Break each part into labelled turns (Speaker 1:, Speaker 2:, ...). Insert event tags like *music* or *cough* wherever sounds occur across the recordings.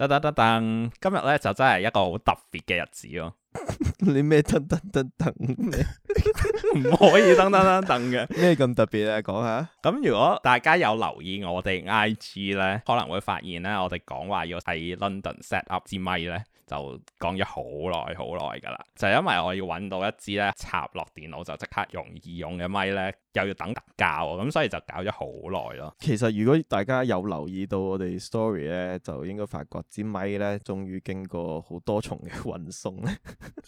Speaker 1: 哦、 *laughs* 噔噔噔噔！今日咧就真係一個好特別嘅日子
Speaker 2: 咯。你咩噔噔噔噔？唔可以噔噔噔
Speaker 1: 噔嘅咩咁特別啊？講下。咁如果大家有留意我哋 IG 咧，可能會發現咧，我哋講話要睇 London set up 支咪咧。就講咗好耐好耐㗎啦，就係、是、因為我要揾到一支咧插落電腦就即刻容易用嘅咪咧，又要等特價，咁所以就搞咗好耐咯。
Speaker 2: 其實如果大家有留意到我哋 story 咧，就應該發覺支咪咧，終於經過好多重嘅運送咧，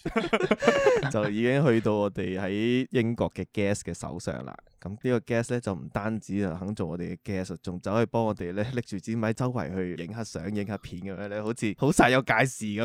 Speaker 2: *laughs* *laughs* *laughs* 就已經去到我哋喺英國嘅 Guest 嘅手上啦。咁呢個 Guest 咧就唔單止肯做我哋嘅 Guest，仲走去幫我哋咧拎住支咪周圍去影下相、影下片
Speaker 1: 咁樣咧，好似好曬有介事咁。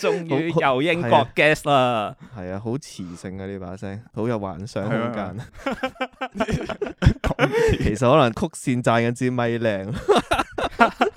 Speaker 1: 終於由英國
Speaker 2: gas 啦，係啊，啊，好磁性啊呢把聲，好有幻想空間。其實可能曲線讚緊支咪靚。 *laughs*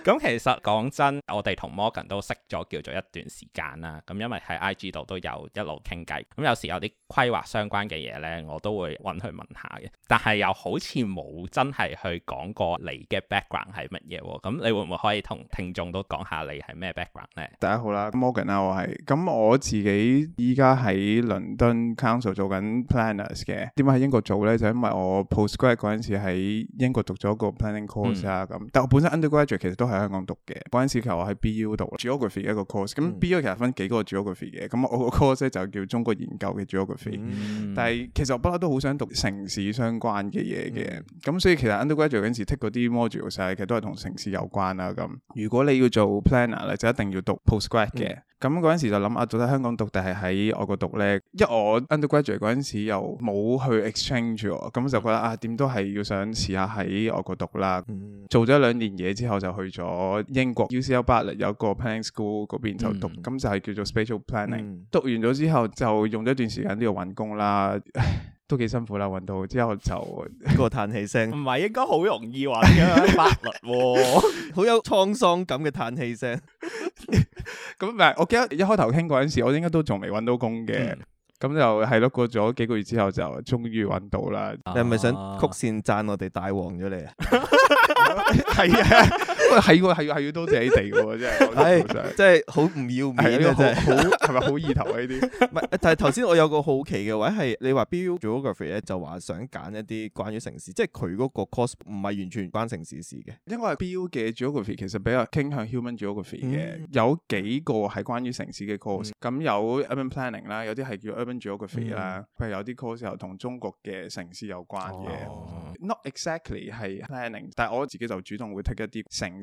Speaker 1: 咁 *laughs* 其實講真，我哋同 Morgan 都識咗叫做一段時間啦。咁因為喺 IG 度都有一路傾偈，咁有時有啲規劃相關嘅嘢咧，我都會揾佢問下嘅。但係又好似冇真係去講過你嘅 background 係乜嘢喎？咁你會唔會可以同聽眾都講下你係咩 background 咧？
Speaker 3: 大家好啦，Morgan 啊，我係。咁我自己依家喺倫敦 Council 做緊 planners 嘅。點解喺英國做咧？就因為我 postgrad 嗰陣時喺英國讀咗個 planning course 啊。咁但我本身 undergrad 其實都喺香港讀嘅嗰陣時，其實我喺 BU 讀啦，geography 一個 course，嗯。咁 BU 其實分幾個 geography 嘅，咁我個 course 咧就叫中國研究嘅 geography，嗯。但係其實我不嬲都好想讀城市相關嘅嘢嘅，咁、嗯、所以其實 undergraduate 嗰陣時 take 嗰啲 module 晒，其實都係同城市有關啦。咁如果你要做 planner 咧，就一定要讀 postgrad 嘅。嗯咁嗰陣時就諗啊，到底香港讀定係喺外國讀呢？因為我 undergraduate 嗰陣時又冇去 exchange，咁就覺得啊，點都係要想試下喺外國讀啦。嗯、做咗兩年嘢之後就去咗英國 UCL Bartlett，有個 planning school 嗰邊就讀，咁、嗯、就係叫做 spatial planning。嗯、讀完咗之後就用咗一段時間都要揾工啦。 *laughs* 都幾辛
Speaker 2: 苦啦，揾到之後就一個嘆氣聲，唔係應該好
Speaker 1: 容易揾噶法律，
Speaker 2: 好有滄桑感嘅嘆氣聲。咁但係我記得一開
Speaker 3: 頭傾嗰陣時，我應該都仲未揾到工嘅，咁、嗯、就係咯，過咗幾個月之後就終於
Speaker 2: 揾到啦。你係咪想曲綫讚我哋大王咗你啊？係啊。係 *music* 要係要係要多謝你哋喎，真係，即係好唔要面啊， *music* 真係，好係咪好意頭呢啲？唔係， *laughs* *laughs* 但係頭先我有個好奇嘅，或者係你話標做 geography 咧，就話想揀一啲關於城市，即係佢嗰個 course 唔係完全關城市事嘅。因為標嘅 geography 其實比較傾向 human geography 嘅，嗯、有幾個係關於城市嘅
Speaker 3: course、嗯。咁有 urban planning 啦 ur、嗯，有啲係叫 urban geography 啦，佢有啲 course 又同中國嘅城市有關嘅，哦、not exactly 係 planning。但係我自己就主動會 take 一啲城。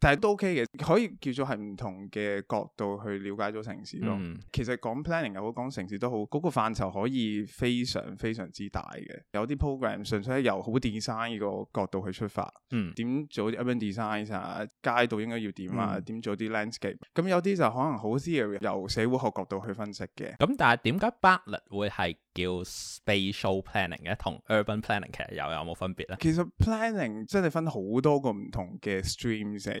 Speaker 3: 但係都 OK 嘅，可以叫做係唔同嘅角度去了解咗城市咯。嗯、其實講 planning 又好，講城市都好，嗰、那個範疇可以非常非常之大嘅。有啲 programs, 純粹係由好 design 個角度去出發，點、嗯、做啲 urban design 啊？街道應該要點啊？點、嗯、做啲 landscape？咁有啲就可能好 theory，由社會學角度去分析嘅。
Speaker 1: 咁、嗯嗯、但係點解 Bartlett 會係叫 spatial planning 嘅？同 urban planning 其實有有冇分別咧？其
Speaker 3: 實 planning 即係分好多個唔同嘅 streams。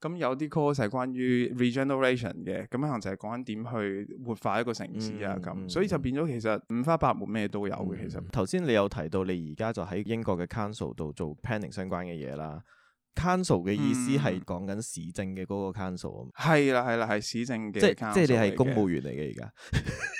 Speaker 3: 咁有啲 course 係關於 regeneration 嘅，咁可能就係講緊點去活化一個城市啊咁，
Speaker 2: 所以就變咗其實五花八門咩都有嘅。嗯嗯、其實頭先你有提到你而家就喺英國嘅 council 度做 planning 相關嘅嘢啦、嗯、council 嘅意思係講緊市政嘅嗰個 council，係啦，係啦係市政嘅即，即即係你係公務員嚟嘅而家。在 *laughs*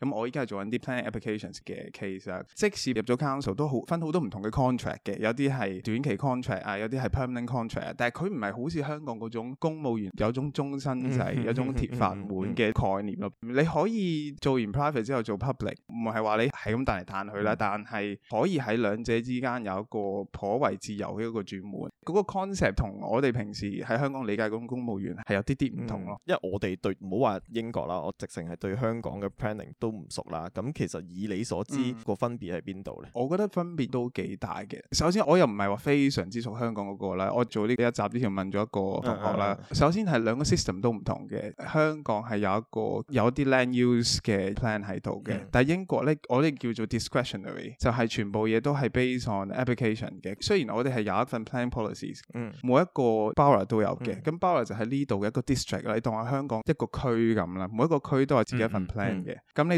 Speaker 3: 咁、嗯、我依家係做緊啲 planning applications 嘅 case 啊，即使入咗 council 都好，分好多唔同嘅 contract 嘅，有啲係短期 contract 啊，有啲係 permanent contract，但係佢唔係好似香港嗰種公務員有種終身制、 *laughs* 有種鐵飯碗嘅概念咯。 *laughs* 你可以做完 private 之後做 public，唔係話你係咁彈嚟彈去啦，嗯、但係可以喺兩者之間有一個頗為自由嘅一個轉換。嗰、這個 concept 同我哋平時喺香港理
Speaker 2: 解嗰種公務員係有啲啲唔同咯，嗯、因為我哋對唔好話英國啦，我直情係對香港嘅 planning 都都唔熟啦，咁其實以你所知、嗯、個分別喺邊度咧？我覺得分別都幾
Speaker 3: 大嘅。首先我又唔係話非常之熟香港嗰個啦，我做呢一集之前問咗一個同學啦。嗯、首先係兩個 system 都唔同嘅。香港係有一個有啲 land use 嘅 plan 喺度嘅，嗯、但係英國咧我哋叫做 discretionary，就係全部嘢都係 based on application 嘅。雖然我哋係有一份 plan policies，嗯，每一個 borough 都有嘅，咁、嗯、borough 就喺呢度嘅一個 district 啦，你當係香港一個區咁啦，每一個區都係自己一份 plan 嘅，咁你、嗯。嗯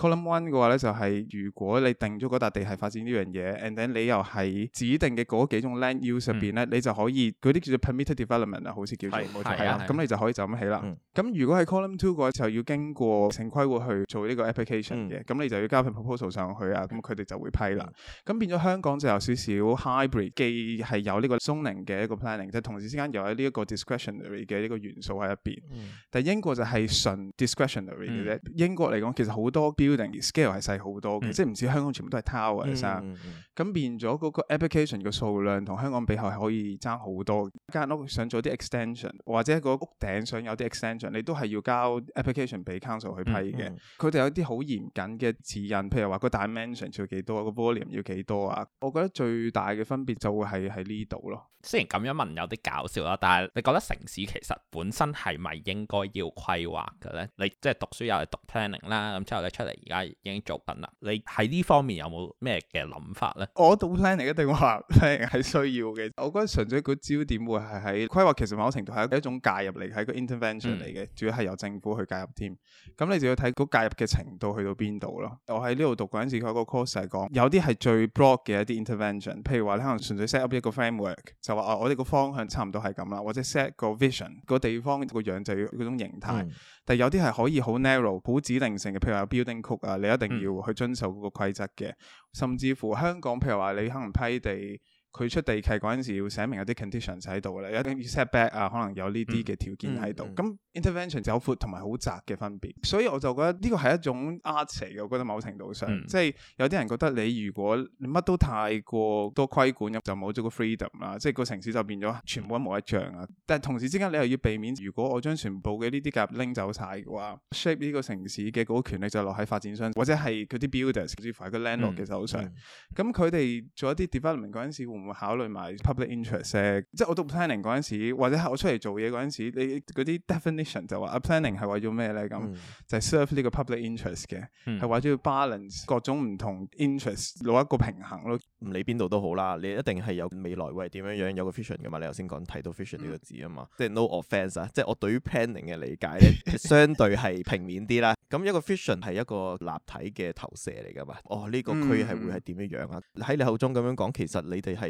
Speaker 3: Column one 嘅話咧，就係、是、如果你定咗嗰笪地係發展呢樣嘢，and then 你又係指定嘅嗰幾種 land use 入邊咧，嗯、你就可以嗰啲叫做 permitted development 做對錯啊，好似叫做冇錯，咁、啊、你就可以就咁起啦。咁、嗯、如果喺 column two 嘅話，就要經過城規會去做呢個 application 嘅，咁、嗯、你就要交份 proposal 上去啊，咁佢哋就會批啦。咁、嗯、變咗香港就有少少 hybrid，既係有呢個 zoning 嘅一個 planning，即係同時之間又有呢一個 discretionary 嘅一個元素喺入邊。嗯、但係英國就係純 discretionary 嘅啫。嗯、英國嚟講，其實好多 scale 係細好多嘅，嗯、即係唔似香港全部都係 tower 嚟㗎、嗯，咁、嗯嗯、變咗嗰個 application 嘅數量同香港比較係可以爭好多。間屋想做啲 extension，或者個屋頂想有啲 extension，你都係要交 application 俾 council 去批嘅。佢哋、嗯嗯、有啲好嚴謹嘅指引，譬如話個 dimension 要幾多，個 volume 要幾多啊。我覺得最
Speaker 1: 大嘅分別就會係喺呢度咯。雖然咁樣問有啲搞笑啦，但係你覺得城市其實本身係咪應該要規劃嘅咧？你即係、就是、讀書又係讀 planning 啦，咁之後你出嚟。而家已經做緊啦，你喺呢方面有冇咩嘅諗法咧？我讀 plan 嚟一
Speaker 3: 定話 plan 係需要嘅，我覺得純粹個焦點會係喺規劃，其實某程度係一種介入嚟，係一個 intervention 嚟嘅，主要係由政府去介入添。咁、嗯、你就要睇個介入嘅程度去到邊度咯。我喺呢度讀嗰陣時，佢有個 course 係講有啲係最 broad 嘅一啲 intervention，譬如話你可能純粹 set up 一個 framework，就話啊，我哋個方向差唔多係咁啦，或者 set 個 vision 個地方個樣就要嗰種形態。嗯但有啲係可以好 narrow、好指定性嘅，譬如話有 building code 啊，你一定要去遵守嗰個規則嘅。嗯、甚至乎香港，譬如話你可能批地。佢出地契嗰陣時要寫明有啲 conditions 喺度啦，有啲 setback 啊，可能有呢啲嘅條件喺度。咁 intervention 就好闊同埋好窄嘅分別，所以我就覺得呢個係一種 art 嘅。我覺得某程度上，嗯、即係有啲人覺得你如果乜都太過多規管，就冇咗個 freedom 啦、啊，即係個城市就變咗全部一模一樣啊。但係同時之間你又要避免，如果我將全部嘅呢啲夾拎走晒嘅話 shape 呢個城市嘅嗰個權力就落喺發展商或者係嗰啲 builders 甚至乎係個 landlord 嘅手上。咁佢哋做一啲 development 嗰陣時，會會考慮埋 public interest，即係我讀 planning 陣時，或者我出嚟做嘢嗰陣時，你嗰啲 definition 就話、啊，planning 係為咗咩咧？咁就 serve 呢個 public interest 嘅，係
Speaker 2: 為咗要 balance 各種唔同 interest 攞一個平衡咯。唔理邊度都好啦，你一定係有未來會點樣樣，有個 vision 噶嘛？你頭先講睇到 vision 呢個字啊嘛，嗯、即係 no offense 啊，即係我對於 planning 嘅理解 *laughs* 相對係平面啲啦。咁一個 vision 係一個立體嘅投射嚟噶嘛？哦，呢、這個區係會係點樣、嗯、樣啊？喺你口中咁樣講，其實你哋係。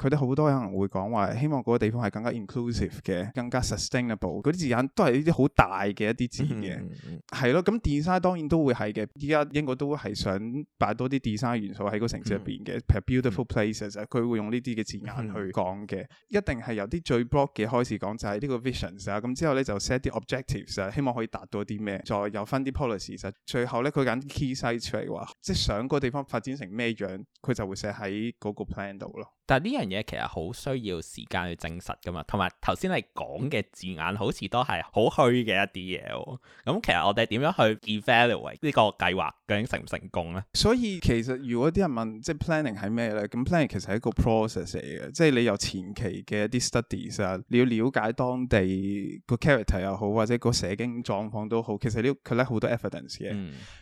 Speaker 3: 佢哋好多可能會講話，希望嗰個地方係更加 inclusive 嘅，更加 sustainable。嗰啲字眼都係呢啲好大嘅一啲字嘅，係咯、嗯。咁 design 當然都會係嘅。依家英國都係想擺多啲 design 元素喺個城市入邊嘅，譬、嗯、如 beautiful places 佢、嗯、會用呢啲嘅字眼去講嘅。嗯、一定係由啲最 broad 嘅開始講，就係呢個 visions 啊。咁之後咧就 set 啲 objectives 啊，希望可以達到啲咩，再有翻啲 policies 啊。最後咧佢揀 key sites 出嚟話。即係想個地方發展成咩樣，佢就會寫喺嗰個 plan 度咯。
Speaker 1: 但係呢樣嘢其實好需要時間去證實噶嘛。同埋頭先你講嘅字眼好、哦，好似都係好虛嘅一啲嘢喎。咁其實我哋點樣去 evaluate 呢個計劃究竟成唔成功呢？
Speaker 3: 所以其實如果啲人問即係 planning 係咩呢？咁 planning 其實係一個 process 嚟嘅，即係你有前期嘅一啲 studies 啊，你要了解當地個 character 又好，或者個社經狀況都好，其實你要 collect 好多 evidence 嘅、嗯。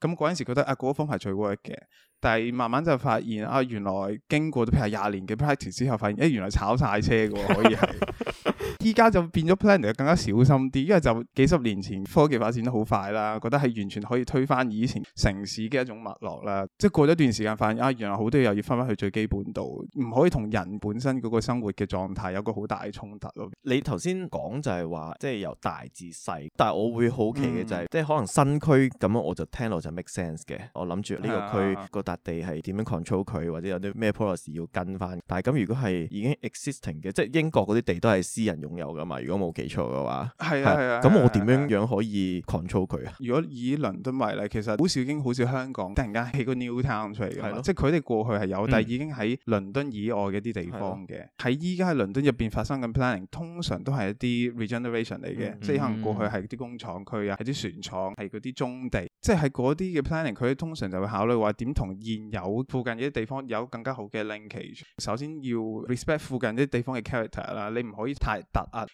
Speaker 3: 咁嗰陣時覺得啊，嗰、那個、方係最貴嘅，但係慢慢就發現啊，原來經過咗譬如廿年嘅 practice 之後，發現誒、啊、原來炒晒車嘅可以係。 *laughs* 依家就變咗 plan 嚟更加小心啲，因為就幾十年前科技發展得好快啦，覺得係完全可以推翻以前城市嘅一種脈絡啦。即係過咗一段時間，發現啊，原來好多嘢又要翻返去最基本度，唔可以同人
Speaker 2: 本身嗰個生活嘅狀態有個好大嘅衝突咯。你頭先講就係話即係由大至細，但係我會好奇嘅就係、嗯、即係可能新區咁樣我就聽落就 make sense 嘅。我諗住呢個區、啊、個笪地係點樣 control 佢，或者有啲咩 policy 要跟翻。但係咁如果係已經 existing 嘅，即係英國嗰啲地都係私人用。朋友㗎嘛？如果冇記錯嘅話，係啊係啊。咁我點樣樣可以 control 佢啊？如果以倫敦為例，其實好少已經好少香
Speaker 3: 港突然間起個 new town 出嚟嘅，係咯。即係佢哋過去係有，嗯、但係已經喺倫敦以外嘅啲地方嘅。喺依家喺倫敦入邊發生緊 planning，通常都係一啲 regeneration 嚟嘅。嗯、即係可能過去係啲工廠區啊，係啲、嗯、船廠，係嗰啲棕地。即係喺嗰啲嘅 planning，佢通常就會考慮話點同現有附近嘅啲地方有更加好嘅 linkage。首先要 respect 附近啲地方嘅 character 啦，你唔可以太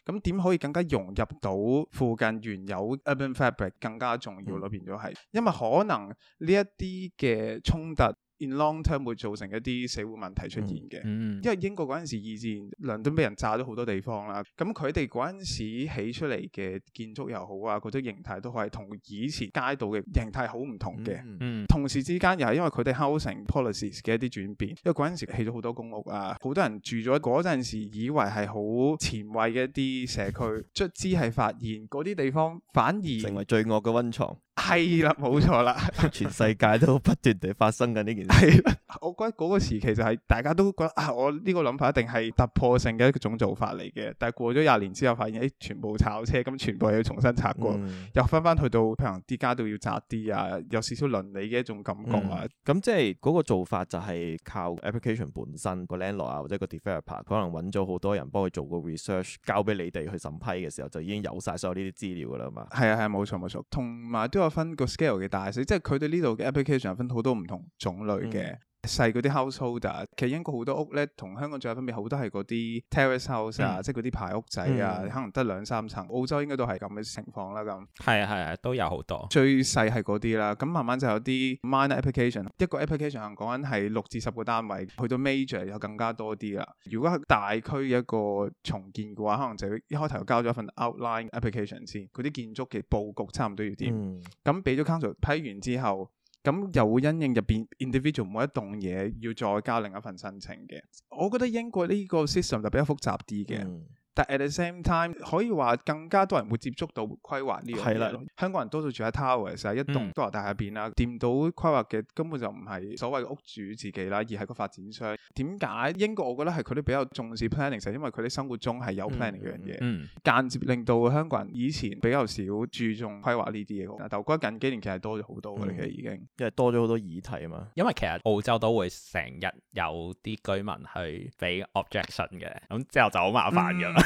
Speaker 3: 咁點可以更加融入到附近原有 urban fabric，更加重要咯，變咗係， *noise* 因為可能呢一啲嘅衝突。In long term 會造成一啲社會問題出現嘅，嗯嗯、因為英國嗰陣時二戰倫敦被人炸咗好多地方啦。咁佢哋嗰陣時起出嚟嘅建築又好啊，嗰啲形態都係同以前街道嘅形態好唔同嘅。嗯嗯嗯、同時之間又係因為佢哋 housing policies 嘅一啲轉變，因為嗰陣時起咗好多公屋啊，好多人住咗嗰陣時以為係好前衛嘅一啲社區，卒之係發現
Speaker 2: 嗰啲地方反而成為罪惡嘅溫床。係啦，冇錯啦， *noise* 啊、錯 *laughs* 全世界都不斷地發生緊呢件事。係， *laughs* *laughs* 我覺得嗰個時期就係大家都覺得啊，我呢個諗
Speaker 3: 法一定係突破性嘅一種做法嚟嘅。但係過咗廿年之後，發現誒，全部炒車，咁全部
Speaker 2: 要重新拆過，嗯、又翻翻去到可能啲家都要拆啲啊，有少少倫理嘅一種感覺啊。咁、嗯嗯、即係嗰個做法就係靠 application 本身個 landlord 或者個 developer 可能揾咗好多人幫佢做個 research，交俾你哋去審批嘅時候就已經有晒所有呢啲資料噶啦嘛。係啊係，冇錯冇錯，同埋都。分個 scale 嘅大小，即係佢哋呢度嘅 application
Speaker 3: 有分好多唔同種類嘅。嗯細嗰啲 householder，其實英國好多屋咧，同香港最有分別好多係嗰啲 terrace house 啊，嗯、即係嗰啲排屋仔啊，嗯、可能得兩三層。澳洲應該都係咁嘅情況啦，咁係啊係啊，都有好多。最細係嗰啲啦，咁慢慢就有啲 minor application。一個 application 可能講緊係六至十個單位，去到 major 又更加多啲啦。如果係大區一個重建嘅話，可能就一開頭交咗一份 outline application 先，嗰啲建築嘅佈局差唔多要點。咁俾咗 Council 批完之後。嗯咁又會因應入邊 individual 每一棟嘢，要再加另一份申請嘅。我覺得英國呢個 system 就比較複雜啲嘅。嗯。但 at the same time 可以話更加多人會接觸到規劃呢樣嘢咯。的香港人多數住喺 towers 成一棟大廈入邊啦，掂到規劃嘅根本就唔係所謂屋主自己啦，而係個發展商。點解英國我覺得係佢哋比較重視 planning，就因為佢哋生活中係有 planning 呢樣嘢，間、嗯嗯嗯、接令到香港人以前比較少注重規劃呢啲嘢。但我覺得近幾年其實多咗好多嘅，嗯、其實已經因為多咗好
Speaker 1: 多議題啊嘛。因為其實澳洲都會成日有啲居民去俾 objection 嘅，咁之後就好麻煩嘅。嗯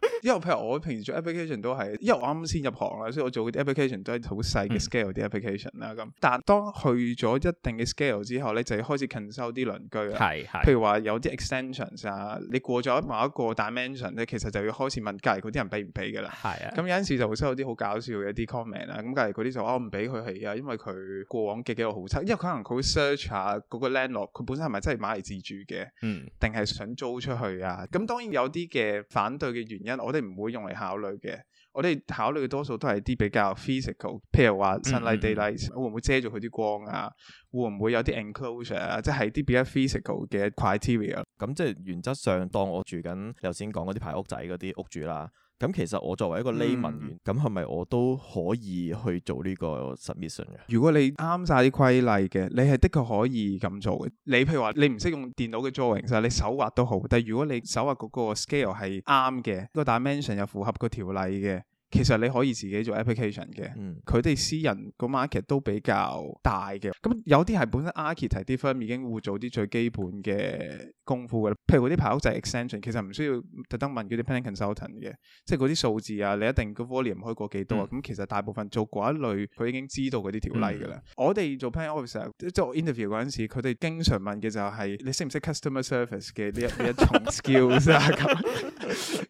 Speaker 3: 因為譬如我平時做 application 都係，因為我啱啱先入行啦，所以我做啲 application 都係好細嘅 scale 啲、嗯、application 啦咁。但當去咗一定嘅 scale 之後咧，就要開始 consult 啲鄰居啦。係譬如話有啲 extensions 啊，你過咗某一個 dimension 咧，其實就要開始問隔離嗰啲人俾唔俾嘅啦。係啊。咁有陣時就會收到啲好搞笑嘅一啲 comment 啊，咁隔離嗰啲就話、哦、我唔俾佢係啊，因為佢過往嘅幾個好差，因為可能佢 search 下嗰個 landlord 佢本身係咪真係買嚟自住嘅，嗯，定係想租出去啊？咁當然有啲嘅反對嘅原因我，我哋唔會用嚟考慮嘅，我哋考慮嘅多數都係啲比較 physical，譬如話 sunlight、daylight，會唔會遮住佢啲光啊，
Speaker 2: 會唔會有啲 enclosure 啊，即係啲比較 physical 嘅 criteria。咁即係原則上，當我住緊頭先講嗰啲排屋仔嗰啲屋主啦。咁其實我作為一個 lay 文員，咁係咪我都可以去做呢個 submission 嘅？如果你啱晒啲規例嘅，你係的確可以咁做嘅。
Speaker 3: 你譬如話你唔識用電腦嘅 drawing，其實你手畫都好。但係如果你手畫嗰個 scale 係啱嘅，個 dimension 又符合個條例嘅。其實你可以自己做 application 嘅，佢哋、嗯、私人個 market 都比較大嘅。咁有啲係本身 architect 啲 firm 已經互做啲最基本嘅功夫嘅，譬如嗰啲牌就係 extension，其實唔需要特登問嗰啲 planning consultant 嘅，即係嗰啲數字啊，你一定個 volume 開過幾多？啊、嗯？咁、嗯、其實大部分做嗰一類，佢已經知道嗰啲條例嘅啦。嗯、我哋做 planning officer 即係我 interview 嗰陣時，佢哋經常問嘅就係、是、你識唔識 customer service 嘅呢一呢 *laughs* 一重 skills 啊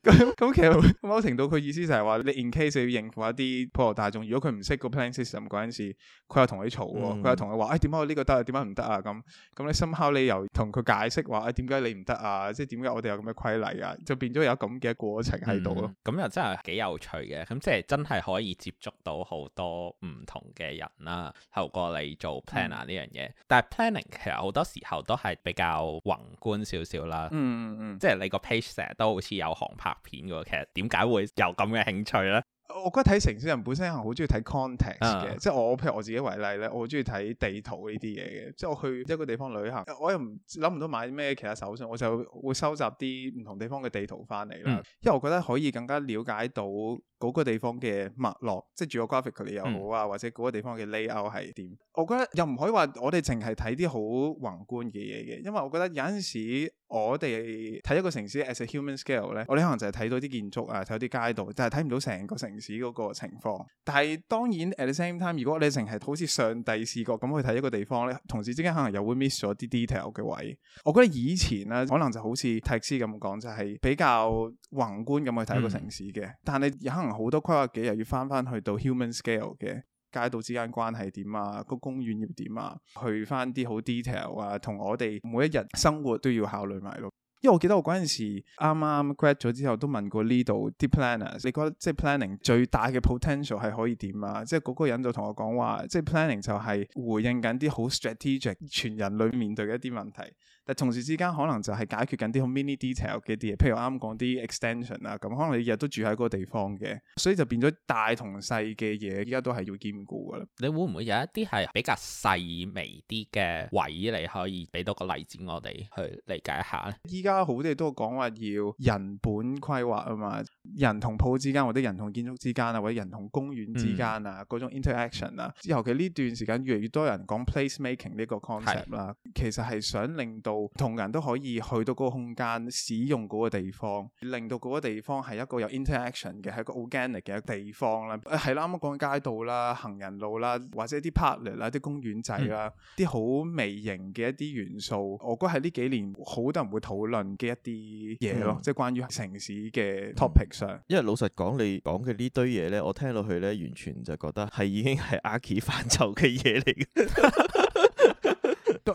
Speaker 3: 咁。咁其實某程度佢意思就係話你。case 要應付一啲普羅大眾，如果佢唔識個 plan system 嗰陣時，佢、嗯、又同你嘈，佢又同你話，誒，點解我呢個得啊？點解唔得啊？咁咁你深敲理由同佢解釋話，誒、哎，點解你唔得啊？即係點解我哋有咁嘅規例啊？就變咗有咁嘅過程喺度咯。
Speaker 1: 咁、嗯嗯嗯、又真係幾有趣嘅。咁、嗯嗯、即係真係可以接觸到好多唔同嘅人啦、啊。透過你做 planner 呢、嗯、樣嘢，但係 planning 其實好多時候都係比較宏觀少少啦。嗯嗯嗯，嗯嗯即係你個 page 成日都好似有航拍片嘅。其實點解會有咁嘅興趣咧？
Speaker 3: 我覺得睇城市人本身係好中意睇 context 嘅，uh huh. 即係我譬如我自己為例咧，我好中意睇地圖呢啲嘢嘅，即係我去一個地方旅行，我又唔諗唔到買咩其他手信，我就會收集啲唔同地方嘅地圖翻嚟啦，uh huh. 因為我覺得可以更加了解到。嗰個地方嘅脈絡，即係住個 graphic 又好啊，嗯、或者嗰個地方嘅 layout 係點？我覺得又唔可以話我哋淨係睇啲好宏觀嘅嘢嘅，因為我覺得有陣時我哋睇一個城市 as a human scale 咧，我哋可能就係睇到啲建築啊，睇到啲街道，但係睇唔到成個城市嗰個情況。但係當然 at the same time，如果你淨係好似上帝視角咁去睇一個地方咧，同時之間可能又會 miss 咗啲 detail 嘅位。我覺得以前咧，可能就好似 t x 斯咁講，就係、是、比較宏觀咁去睇一個城市嘅，嗯、但係有可能。好多規劃又要翻翻去到 human scale 嘅街道之間關係點啊，個公園要點啊，去翻啲好 detail 啊，同我哋每一日生活都要考慮埋咯。因為我記得我嗰陣時啱啱 grad 咗之後，都問過呢度啲 planners，你覺得即係 planning 最大嘅 potential 係可以點啊？即係嗰個人就同我講話，即係 planning 就係回應緊啲好 strategic 全人類面對嘅一啲問題。但同時之間可能就係解決緊啲好 mini detail 嘅啲嘢，譬如啱啱講啲 extension 啊，咁可能你日日都住喺嗰個地方嘅，所以就變咗大
Speaker 1: 同細嘅嘢，依家都係要兼顧噶啦。你會唔會有一啲係比較細微啲嘅位，你可以俾多個例子我哋去理解一下咧？
Speaker 3: 依家好多嘢都講話要人本規劃啊嘛。人同鋪之間，或者人同建築之間啊，或者人同公園之間啊，嗰、嗯、種 interaction 啊、嗯，之後嘅呢段時間越嚟越多人講 place making 呢個 concept 啦，是其實係想令到同人都可以去到嗰個空間，使用嗰個地方，令到嗰個地方係一個有 interaction 嘅，係一個 organic 嘅地方啦。係、啊、啦，啱啱講街道啦、行人路啦，或者啲 parklet 啦、啲公園仔啦，啲好、嗯、微型嘅一啲元素，我覺得係呢幾年好多人會討論嘅一啲嘢咯，嗯、即係關於城市嘅
Speaker 2: topic。因為老實講，你講嘅呢堆嘢呢，我聽落去呢，完全就覺得係已經係 Archi 範疇嘅嘢嚟
Speaker 3: 嘅， *laughs*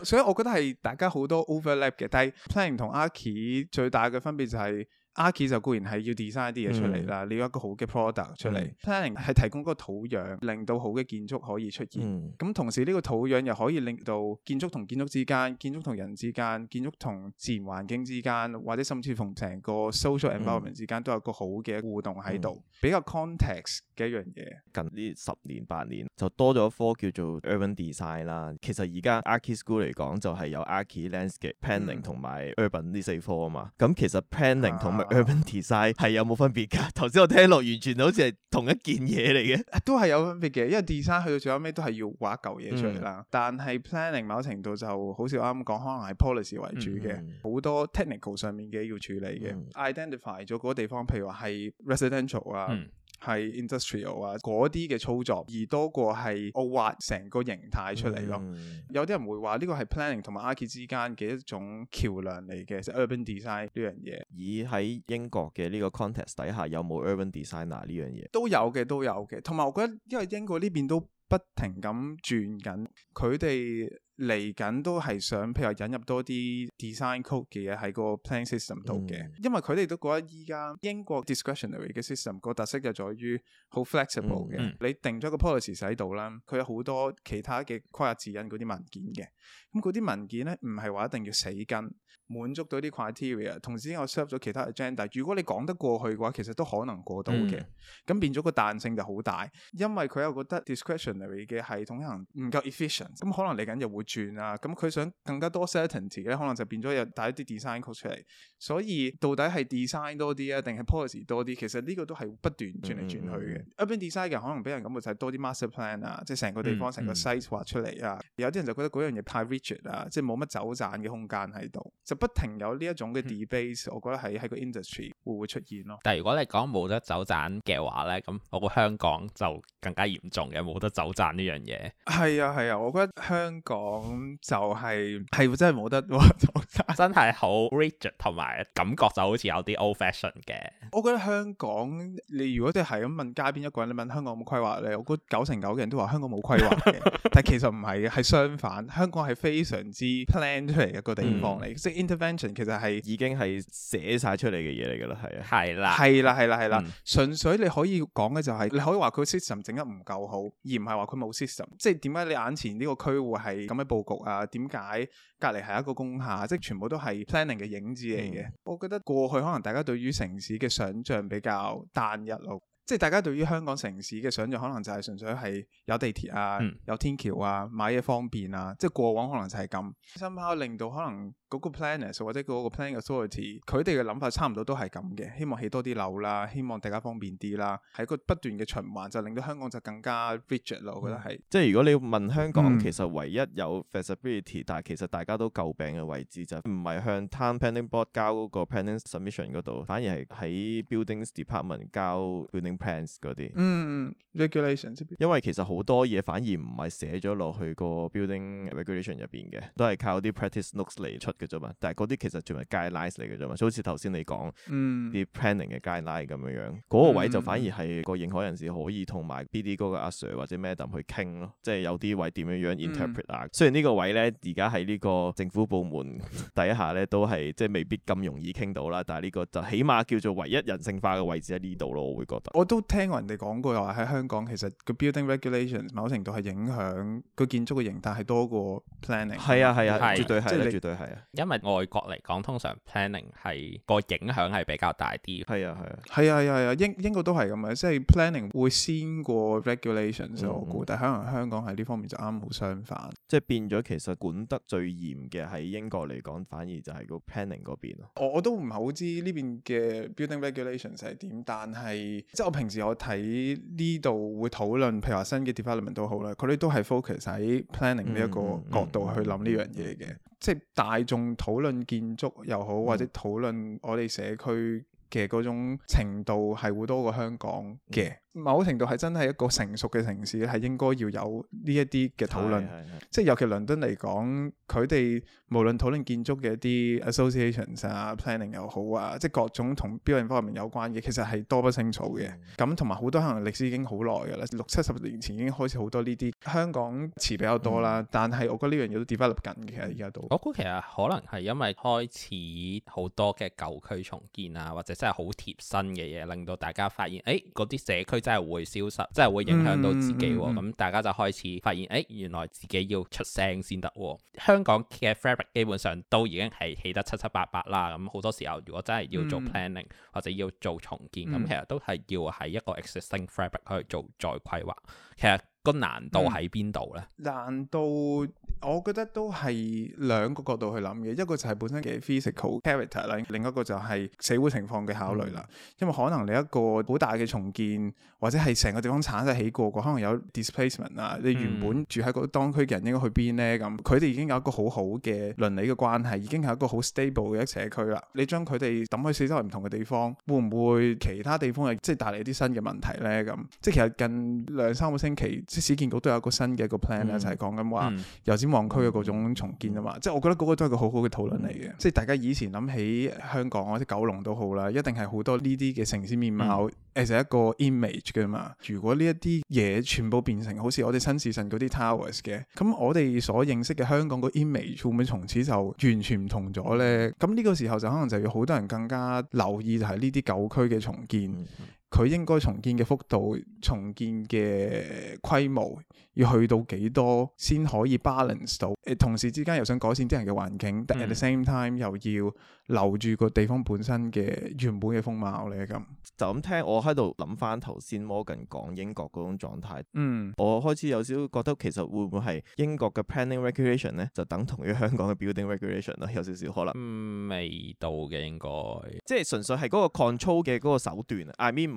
Speaker 3: *laughs* 所以我覺得係大家好多 overlap 嘅。但係 Plan 同 Archi 最大嘅分別就係、是。Archi 就固然係要 design 啲嘢出嚟啦，你、嗯、要一個好嘅 product 出嚟。嗯、planning 係提供個土壤，令到好嘅建築可以出現，咁、嗯、同時呢個土壤又可以令到建築同建築之間，建築同人之間，建築同自然環境之間，或者甚至同成個 social environment 之間都有個好嘅互動喺度。嗯、
Speaker 2: 比較 context 嘅一樣嘢，近呢十年八年就多咗一科叫做 urban design 啦。其實而家 Archi School 嚟講就係有 Archi landscape planning 同埋 urban 呢四科啊嘛。咁其實 planning 同埋、啊啊 Urban design 係有冇分別噶？頭先我聽落完全好似係同一件
Speaker 3: 嘢嚟嘅，都係有分別嘅。因為 design 去到最後尾都係要畫一舊嘢出嚟啦，嗯、但係 planning 某程度就好似啱啱講，可能係 policy 為主嘅，好、嗯嗯、多 technical 上面嘅要處理嘅、嗯，identify 咗嗰個地方，譬如話係 residential 啊。嗯係 industrial 啊，嗰啲嘅操作，而多過係 outline 成個形態出嚟咯。嗯、有啲人會話呢、呢個係 planning 同埋 architect 之間嘅一種橋梁嚟嘅，即、就係、urban design 呢樣嘢。
Speaker 2: 而喺英國嘅呢個 context 底下，有冇 urban designer 呢樣嘢？
Speaker 3: 都有嘅，都有嘅。同埋我覺得，因為英國呢邊都不停咁轉緊，佢哋。嚟緊都係想，譬如引入多啲 design code 嘅嘢喺個 plan system 度嘅，嗯、因為佢哋都覺得依家英國 discretionary 嘅 system 個特色就在於好 flexible 嘅，嗯嗯、你定咗個 policy 喺度啦，佢有好多其他嘅跨字引嗰啲文件嘅，咁嗰啲文件咧唔係話一定要死根滿足到啲 criteria，同時我 serve 咗其他 agenda，如果你講得過去嘅話，其實都可能過到嘅，咁、嗯、變咗個彈性就好大，因為佢又覺得 discretionary 嘅系統夠可能唔夠 efficient，咁可能嚟緊就會。轉啊，咁佢想更加多 certainty 咧，可能就變咗有帶一啲 design code 出嚟。所以到底係 design 多啲啊，定係 policy 多啲？其實呢個都係不斷轉嚟轉去嘅。Urban designer 可能俾人感覺就係多啲 master plan 啊，即係成個地方成個 size 畫出嚟啊。嗯嗯、有啲人就覺得嗰樣嘢太 rigid 啊，即係冇乜走盞嘅空間喺度，就不停有呢一種嘅 debate、嗯。我覺得喺喺個 industry 會唔會出現咯、啊。但
Speaker 1: 係如果你講冇得走盞嘅話咧，咁我覺得香港就更加嚴重嘅冇得走盞呢樣嘢。
Speaker 3: 係啊係啊，啊，我覺得香港。講
Speaker 1: 就係、是、係真係冇得話真係好 rigid，同埋感覺就好似有啲 old fashion 嘅。
Speaker 3: 我覺得香港你如果你係咁問街邊一個人，你問香港有冇規劃咧，我估九成九嘅人都話香港冇規劃嘅。 *laughs* 但其實唔係嘅，係相反，香港係非常之 plan 出嚟一個地方嚟，嗯、即係 intervention 其實係已經係寫晒出嚟嘅嘢嚟噶啦，係啊，
Speaker 1: 係啦的，係啦，係啦，係啦。
Speaker 3: 純、嗯、粹你可以講嘅就係，你可以話佢 system 整得唔夠好，而唔係話佢冇 system。即係點解你眼前呢個區會係咁樣？布局啊？點解隔籬係一個工廈，即係全部都係 planning 嘅影子嚟嘅。嗯、我覺得過去可能大家對於城市嘅想象比較單一咯。即係大家對於香港城市嘅想像，可能就係純粹係有地鐵啊、嗯、有天橋啊、買嘢方便啊。即係過往可能就係咁。深怕令到可能嗰個 planners 或者嗰個 planning authority 佢哋嘅諗法差唔多都係咁嘅，希望起多啲樓啦，希望大家方便啲啦。喺個不斷嘅循環就
Speaker 2: 令到香港就更加 rigid 咯。嗯、我覺得係。即係如果你問香港、嗯、其實唯一有 feasibility，但係其實大家都詬病嘅位置就唔係向 town planning board 交嗰個 planning submission 嗰度，反而係喺 buildings department 交 plans 啲，
Speaker 3: 嗯
Speaker 2: ，regulation，因為其實好多嘢反而唔係寫咗落去個 building regulation 入邊嘅，都係靠啲 practice notes 嚟出嘅啫嘛。但係嗰啲其實全部 guidelines 嚟嘅啫嘛，就好似頭先你講，啲、嗯、planning 嘅 guideline 咁樣樣，嗰、嗰個位就反而係個認可人士可以同埋 B D 嗰個阿 Sir 或者 Madam 去傾咯，即係有啲位點樣樣 interpret 啊。嗯、雖然呢個位咧而家喺呢個政府部門底 *laughs* 下咧都係即係未必咁容易傾到啦，但係呢個就起碼叫做唯一人性化嘅位置喺呢度咯，我會覺得。
Speaker 3: 都聽過人哋講過，又話喺香港其實個 building regulations 某程度係影響個建築嘅形態，係多過
Speaker 1: planning。係啊，係啊，絕對係，絕對係啊。因為外國嚟講，通常 planning 係個影響係比較大啲。係啊，係啊，係啊，
Speaker 3: 係啊，英英國都係咁樣，即係 planning 會先
Speaker 2: 過 regulations
Speaker 1: 我估，
Speaker 3: 但係
Speaker 2: 可能香港喺呢方面就啱好相反，即係變咗其實管得最嚴嘅喺英國嚟講，反而就係個 planning 嗰邊咯。
Speaker 3: 我我都唔係好知呢邊嘅 building regulations 係點，
Speaker 2: 但係即係我。平時我睇呢度
Speaker 3: 會討論，譬如話新嘅 development 都好啦，佢哋都係 focus 喺 planning 呢一個角度去諗呢樣嘢嘅，嗯嗯、即係大眾討論建築又好，或者討論我哋社區。嘅嗰種程度係會多過香港嘅，某程度係真係一個成熟嘅城市，係應該要有呢一啲嘅討論。是即係尤其倫敦嚟講，佢哋無論討論建築嘅一啲 associations 啊、planning 又好啊，即係各種同標準方面有關嘅，其實係多不勝數嘅。咁同埋好多可能歷史已經好耐㗎啦，六七十年前已經開始好多呢啲。香港遲比較多啦，嗯、但係我覺得呢樣嘢都 develop 緊嘅，其實而家都我估
Speaker 1: 其實可能係因為開始好多嘅舊區重建啊，或者。真係好貼身嘅嘢，令到大家發現，誒嗰啲社區真係會消失，真係會影響到自己喎、哦。咁、嗯嗯嗯、大家就開始發現，誒、哎、原來自己要出聲先得、哦。香港嘅 fabric 基本上都已經係起得七七八八啦。咁好多時候，如果真係要做 planning 或者要做重建，咁、嗯、其實都係要喺一個 existing fabric 去做再規劃。其實個難度喺邊度呢、
Speaker 3: 嗯？難度。我覺得都係兩個角度去諗嘅，一個就係本身嘅 physical character 啦，另一個就係社會情況嘅考慮啦。嗯、因為可能你一個好大嘅重建，或者係成個地方產得起過嘅，可能有 displacement 啊，你原本住喺個當區嘅人應該去邊呢？咁佢哋已經有一個好好嘅倫理嘅關係，已經係一個好 stable 嘅一社區啦。你將佢哋抌去四周唔同嘅地方，會唔會其他地方又即係帶嚟啲新嘅問題呢？咁即係其實近兩三個星期，即係市建局都有一個新嘅一個 plan 咧、嗯，就係講緊話旺區嘅嗰種重建啊嘛，即係我覺得嗰個都係一個好好嘅討論嚟嘅。嗯、即係大家以前諗起香港或者九龍都好啦，一定係好多呢啲嘅城市面貌、嗯，誒，就一個 image 嘅嘛。如果呢一啲嘢全部變成好似我哋新市鎮嗰啲 towers 嘅，咁我哋所認識嘅香港個 image 會唔會從此就完全唔同咗呢？咁呢個時候就可能就要好多人更加留意，就係呢啲舊區嘅重建。嗯佢應該重建嘅幅度、重建嘅規模，要去到幾多先可以 balance 到？誒，同時之間又想改善啲人嘅環境，但係 same time 又要留住個地方本身嘅原本嘅風貌咧，咁
Speaker 2: 就咁聽，我喺度諗翻頭先 Morgan 講英國嗰種狀態，嗯，我開始有少覺得其實會唔會係英國嘅 planning regulation 咧，就等同於香港嘅 building regulation 啦，有少少可能，
Speaker 1: 未、嗯、到嘅應該，即
Speaker 2: 係純粹係嗰個 control 嘅嗰個手段啊，I mean。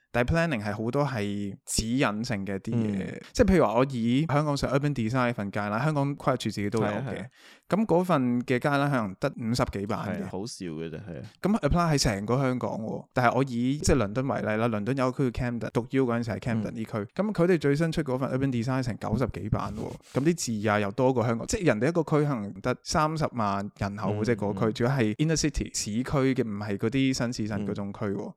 Speaker 3: 但 planning 係好多係指引性嘅啲嘢，嗯、即係譬如話我以香港上 urban design 份街啦，香港規劃處自己都有嘅，咁嗰的份嘅街啦可能得五十幾版嘅，好少嘅啫係。咁 apply 喺成個香港喎，但係我以即係倫敦為例啦，倫敦有一個區叫 Camden，讀 U 嗰陣時係 Camden 呢區，咁佢哋最新出嗰份 urban design 成九十幾版喎，咁啲字啊又多過香港，嗯、即係人哋一個區可能得三十萬人口即係嗰區，主要係 inner city 市區嘅，唔係嗰啲新市鎮嗰種區。嗯嗯。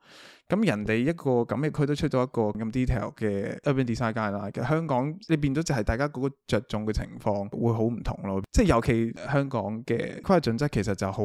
Speaker 3: 咁人哋一個咁嘅、那個、區都出咗一個咁 detail 嘅 urban design 啦，其實香港你變咗就係大家嗰個着重嘅情況會好唔同咯，即係尤其香港嘅規劃準則其實就好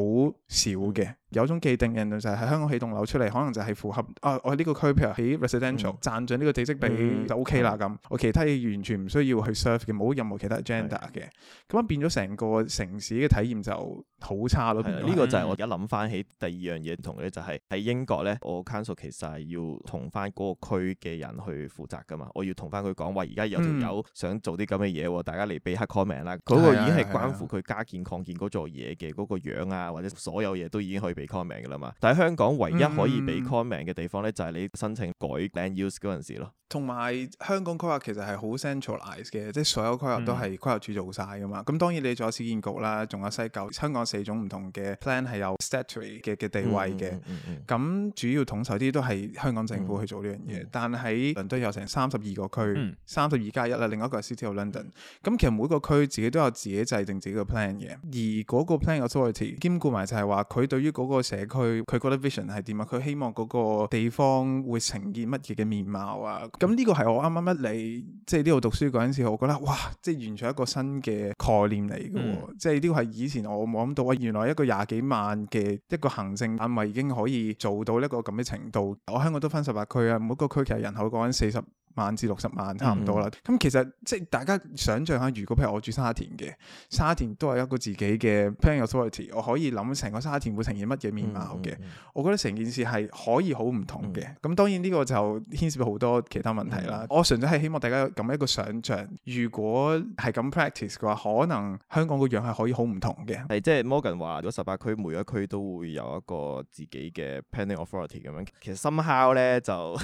Speaker 3: 少嘅。有種既定嘅，就係喺香港起棟樓出嚟，可能就係符合啊我喺呢個區譬如起 residential 賺盡呢個地積比、嗯、就 OK 啦咁、嗯。我其他嘢完全唔需要去 serve 嘅，冇任何其他 agenda 嘅。
Speaker 2: 咁啊的變咗成個城市嘅體驗就好差咯。呢的個就係我而家諗翻起第二樣嘢同佢就係、是、喺英國咧，我 council 其實係要同翻嗰個區嘅人去負責噶嘛。我要同翻佢講話，而家有條友想做啲咁嘅嘢喎，嗯、大家嚟俾黑 comment 啦。嗰個的已經係關乎佢加建擴建嗰座嘢嘅嗰個樣啊，或者所有嘢都已經去。被 call 名嘅啦嘛，但喺香港唯一可以被 call 名嘅地方咧，就係、是，你申請改 land use 嗰陣時咯。
Speaker 3: 同埋香港規劃其實係好 centralized 嘅，即係所有規劃都係規劃處做晒噶嘛。咁當然你仲有市建局啦，仲有西九。香港四種唔同嘅 plan 係有 statutory 嘅嘅地位嘅。咁、嗯嗯嗯嗯、主要統籌啲都係香港政府去做呢樣嘢。嗯嗯、但喺倫敦有成三十二個區，三十二加一啦，另外一個係 City of London。咁其實每個區自己都有自己制定自己嘅 plan 嘅，而嗰個 plan authority 兼顧埋就係話佢對於嗰、那個個社區佢覺得 vision 係點啊？佢希望嗰個地方會呈現乜嘢嘅面貌啊？咁呢個係我啱啱一嚟，即係呢度讀書嗰陣時候，我覺得哇，即係完全一個新嘅概念嚟嘅、啊，嗯、即係呢個係以前我冇諗到啊！原來一個廿幾萬嘅一個行政單位已經可以做到一個咁嘅程度。我香港都分十八區啊，每個區其實人口講緊四十。萬至六十萬差唔多啦。咁、嗯、哼其實即係大家想像下，如果譬如我住沙田嘅，沙田都係一個自己嘅 planning authority，我可以諗成個沙田會呈現乜嘢面貌嘅。嗯、哼我覺得成件事係可以好唔同嘅。咁、嗯、哼當然呢個就牽涉到好多其他問題啦。嗯、哼我純粹係希望大家有咁一個想像，如果係咁 practice 嘅話，可能香港個樣係可以好唔同嘅。
Speaker 2: 係即係 Morgan 話咗十八區每一區都會有一個自己嘅 planning authority 咁樣。其實 somehow 咧就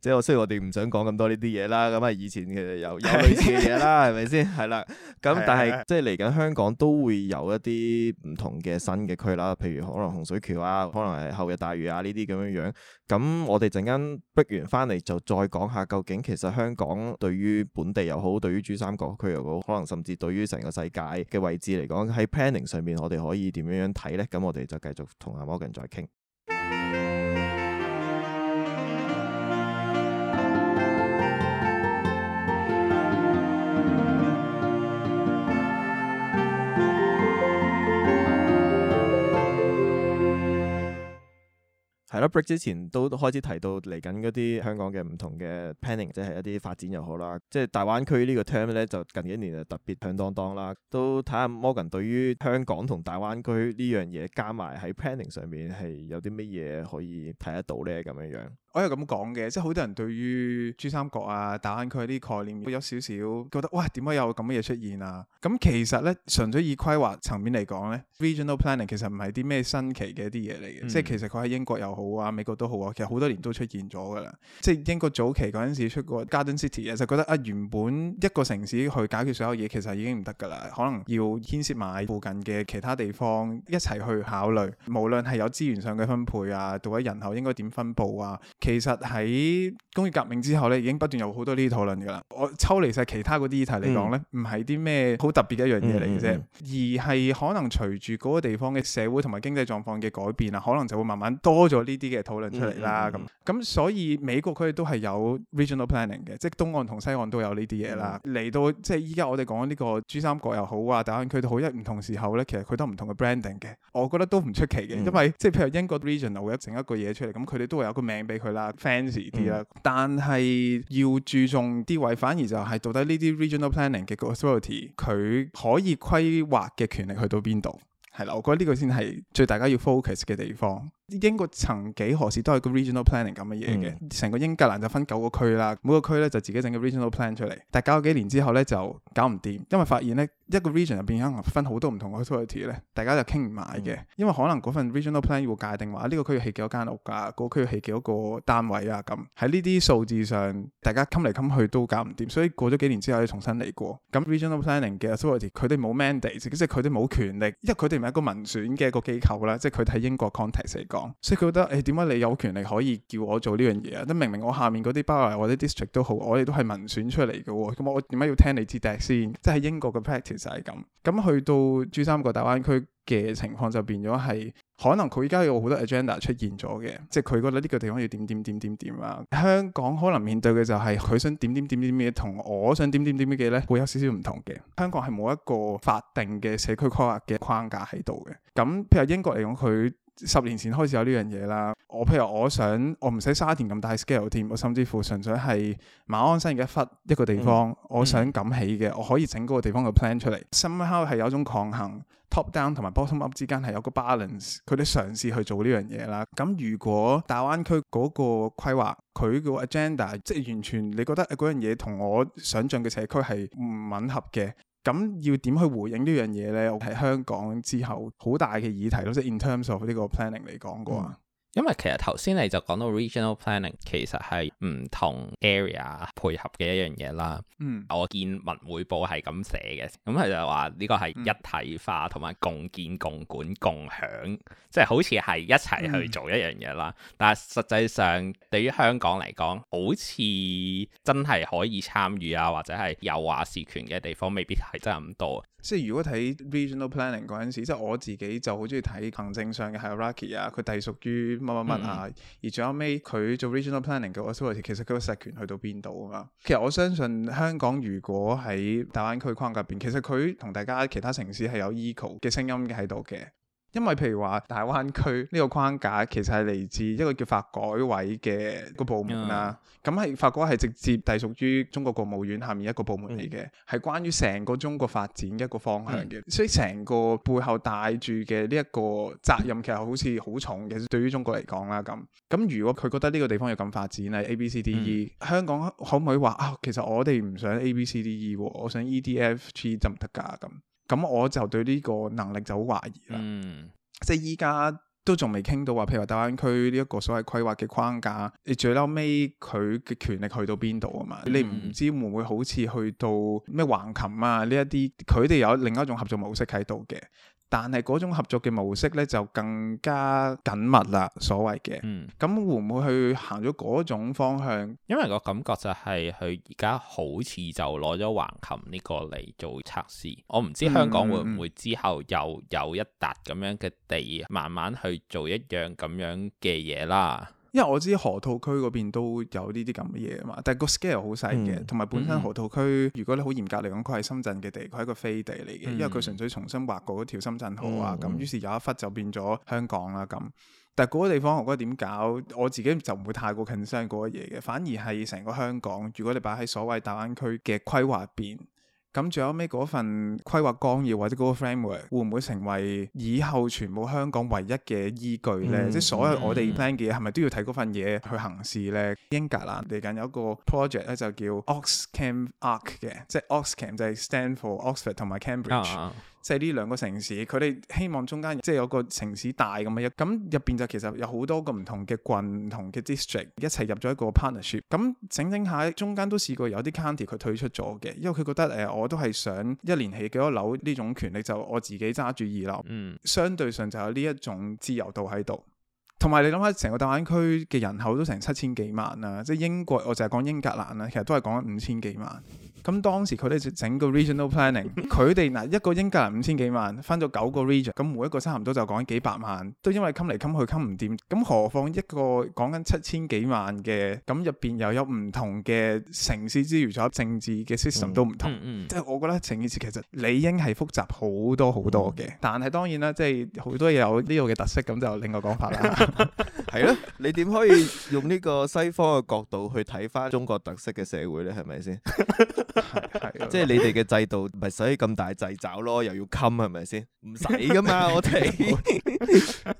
Speaker 2: 即我 *laughs* 雖然我哋唔想講。講咁多呢啲嘢啦，咁啊以前其實有有類似嘅嘢啦，係咪先？係啦，咁但係 *laughs* 即係嚟緊香港都會有一啲唔同嘅新嘅區啦，譬如可能洪水橋啊，可能係後日大雨啊呢啲咁樣樣。咁我哋陣間逼完翻嚟就再講下究竟其實香港對於本地又好，對於珠三角區又好，可能甚至對於成個世界嘅位置嚟講，喺 planning 上面我哋可以點樣樣睇呢？咁我哋就繼續同阿摩 o 再傾。 *music* 我覺得 Break 之前都開始提到嚟緊嗰啲香港嘅唔同嘅 planning，即係一啲發展又好啦，即係大灣區呢個 term 咧，就近幾年就特別響噹噹啦。都睇下 Morgan 對於香港同大灣區呢樣嘢加埋喺 planning 上面係有啲乜嘢可以睇得到咧咁嘅樣。
Speaker 3: 我又咁講嘅，即係好多人對於珠三角啊、大灣區啲概念會有少少覺得，哇！點解有咁嘅嘢出現啊？咁其實咧，純粹以規劃層面嚟講咧，regional planning 其實唔係啲咩新奇嘅一啲嘢嚟嘅，嗯、即係其實佢喺英國又好啊、美國都好啊，其實好多年都出現咗噶啦。即係英國早期嗰陣時出過 Garden City 啊，就覺得啊，原本一個城市去解決所有嘢其實已經唔得噶啦，可能要牽涉埋附近嘅其他地方一齊去考慮，無論係有資源上嘅分配啊，到底人口應該點分布啊。其實喺工業革命之後咧，已經不斷有好多呢啲討論噶啦。我抽離晒其他嗰啲議題嚟講咧，唔係啲咩好特別嘅一樣嘢嚟嘅啫，嗯嗯嗯、而係可能隨住嗰個地方嘅社會同埋經濟狀況嘅改變啊，可能就會慢慢多咗呢啲嘅討論出嚟啦。咁咁、嗯嗯嗯、所以美國佢哋都係有 regional planning 嘅，嗯嗯、即係東岸同西岸都有呢啲嘢啦。嚟、嗯、到即係依家我哋講呢個珠三角又好啊，大灣區都好，一唔同時候咧，其實佢都唔同嘅 branding 嘅。我覺得都唔出奇嘅，嗯、因為即係譬如英國 regional 會整一個嘢出嚟，咁佢哋都會有個名俾佢。嗱，fancy 啲啦，嗯、但係要注重啲位，反而就係到底呢啲 regional planning 嘅 authority，佢可以規劃嘅權力去到邊度？係啦，我覺得呢個先係最大家要 focus 嘅地方。英國曾幾何時都係個 regional planning 咁嘅嘢嘅，成、嗯、個英格蘭就分九個區啦，每個區咧就自己整個 regional plan 出嚟。但搞咗幾年之後咧就搞唔掂，因為發現咧一個 region 入邊可能分好多唔同個 authority 咧，大家就傾唔埋嘅。嗯、因為可能嗰份 regional plan 要界定話呢、啊呢個區要起幾多間屋啊，嗰、嗰個、區要起幾多個單位啊，咁喺呢啲數字上大家襟嚟襟去都搞唔掂，所以過咗幾年之後要重新嚟過。咁 regional planning 嘅 authority 佢哋冇 mandate，即係佢哋冇權力，因為佢哋唔係一個民選嘅一個機構啦，即係佢喺英國 context 嚟講。所以佢覺得誒，點解你有權力可以叫我做呢樣嘢啊？即明明我下面嗰啲包括我啲 district 都好，我哋都係民選出嚟嘅，咁我點解要聽你支笛先？即係英國嘅 practice 就係咁。咁去到珠三角大灣區嘅情況就變咗係，可能佢依家有好多 agenda 出現咗嘅，即係佢覺得呢個地方要點點點點點啊。香港可能面對嘅就係佢想點點點點嘅，同我想點點點嘅咧會有少少唔同嘅。香港係冇一個法定嘅社區規劃嘅框架喺度嘅。咁譬如英國嚟講，佢。十年前開始有呢樣嘢啦，我譬如我想，我唔使沙田咁大 scale 添，我甚至乎純粹係馬鞍山嘅一忽一個地方，嗯、我想噉起嘅，我可以整嗰個地方嘅 plan 出嚟。Somehow 係有一種抗衡 top down 同埋 bottom up 之間係有個 balance，佢哋嘗試去做呢樣嘢啦。咁如果大灣區嗰個規劃佢個 agenda，即係完全你覺得嗰樣嘢同我想像嘅社區係唔吻合嘅。咁要點去回應呢樣嘢咧？我係香港之後好大嘅議題咯，即係 in terms of 呢個 planning 嚟講嘅話。嗯
Speaker 1: 因為其實頭先你就講到 regional planning，其實係唔同 area 配合嘅一樣嘢啦。嗯，我見文匯報係咁寫嘅，咁、嗯、佢、嗯、就話呢個係一體化同埋共建共管共享，即係好似係一齊去做一樣嘢啦。嗯、但係實際上對於香港嚟講，好似真係可以參與啊，或者係有話事權嘅地方，未必係真係咁多。
Speaker 3: 即係如果睇 regional planning 嗰陣時，即係我自己就好中意睇行政上嘅嘅 hierarchy 啊，佢隸屬於乜乜乜啊，而最後尾佢做 regional planning 嘅 authority，其實佢嘅實權去到邊度啊嘛。其實我相信香港如果喺大灣區框入邊，其實佢同大家其他城市係有 eco 嘅聲音喺度嘅。因為譬如話，大灣區呢個框架其實係嚟自一個叫發改委嘅個部門啦。咁係發改，係直接隸屬於中國國務院下面一個部門嚟嘅，係、mm. 關於成個中國發展一個方向嘅。Mm. 所以成個背後帶住嘅呢一個責任其實好似好重嘅，對於中國嚟講啦。咁咁如果佢覺得呢個地方要咁發展啊，A B C D E，、mm. 香港可唔可以話啊、哦？其實我哋唔想 A B C D E 喎，我想 E D F G 得唔得㗎？咁。咁我就對呢個能力就好懷疑啦。嗯，即係依家。都仲未傾到話譬如話大灣區呢一個所謂規劃嘅框架，你最嬲尾佢嘅權力去到邊度啊嘛？嗯、你唔知會唔會好似去到咩橫琴啊呢一啲，佢哋有另一種合作模式喺度嘅，但係嗰種合作嘅模式咧就更加緊密啦，所謂嘅。嗯，咁會唔會去行咗嗰種方向？
Speaker 1: 因為個感覺就係佢而家好似就攞咗橫琴呢個嚟做測試，我唔知香港會唔會之後又有一笪咁樣嘅地，慢慢去。做一樣咁樣嘅嘢啦，
Speaker 3: 因為我知河套區嗰邊都有呢啲咁嘅嘢啊嘛，但係個 scale 好細嘅，同埋、嗯、本身河套區、嗯、如果你好嚴格嚟講，佢係深圳嘅地，佢係一個飛地嚟嘅，嗯、因為佢純粹重新劃過嗰條深圳河啊，咁於、嗯嗯、是有一忽就變咗香港啦咁，但係嗰個地方我覺得點搞，我自己就唔會太過 concern 嗰個嘢嘅，反而係成個香港，如果你擺喺所謂大灣區嘅規劃入邊。咁最後尾嗰份規劃綱要或者嗰個 framework 會唔會成為以後全部香港唯一嘅依據咧？嗯、即係所有我哋 plan 嘅嘢係咪都要睇嗰份嘢去行事咧？嗯嗯、英格蘭嚟緊有一個 project 咧就叫 OxCam Arc 嘅，即係 OxCam 就係 stand for Oxford 同埋 Cambridge。啊啊即係呢兩個城市，佢哋希望中間即係有個城市大咁樣一，咁入邊就其實有好多個唔同嘅郡唔同嘅 district 一齊入咗一個 partnership。咁整整下，中間都試過有啲 county 佢退出咗嘅，因為佢覺得誒、呃，我都係想一年起幾多樓呢種權力就我自己揸住二樓，嗯，相對上就有呢一種自由度喺度。同埋你諗下，成個大灣區嘅人口都成七千幾萬啦，即係英國，我就係講英格蘭啦，其實都係講五千幾萬。咁當時佢哋整個 regional planning，佢哋嗱一個英格蘭五千幾萬，分咗九個 region，咁每一個差唔多就講幾百萬，都因為襟嚟襟去襟唔掂，咁何況一個講緊七千幾萬嘅，咁入邊又有唔同嘅城市之餘，仲有政治嘅 system 都唔同，即係、嗯嗯嗯、我覺得情醫師其實理應係複雜好多好多嘅，嗯、
Speaker 2: 但係當然啦，即係好
Speaker 3: 多嘢有呢個嘅特色，咁就另外講法啦，
Speaker 2: 係咯，你點可以用呢個西方嘅角度去睇翻中國特色嘅社會呢？係咪先？ *laughs* 即係你哋嘅制度，唔係使咁大掣肘咯，又要襟係咪先？唔使噶嘛，我哋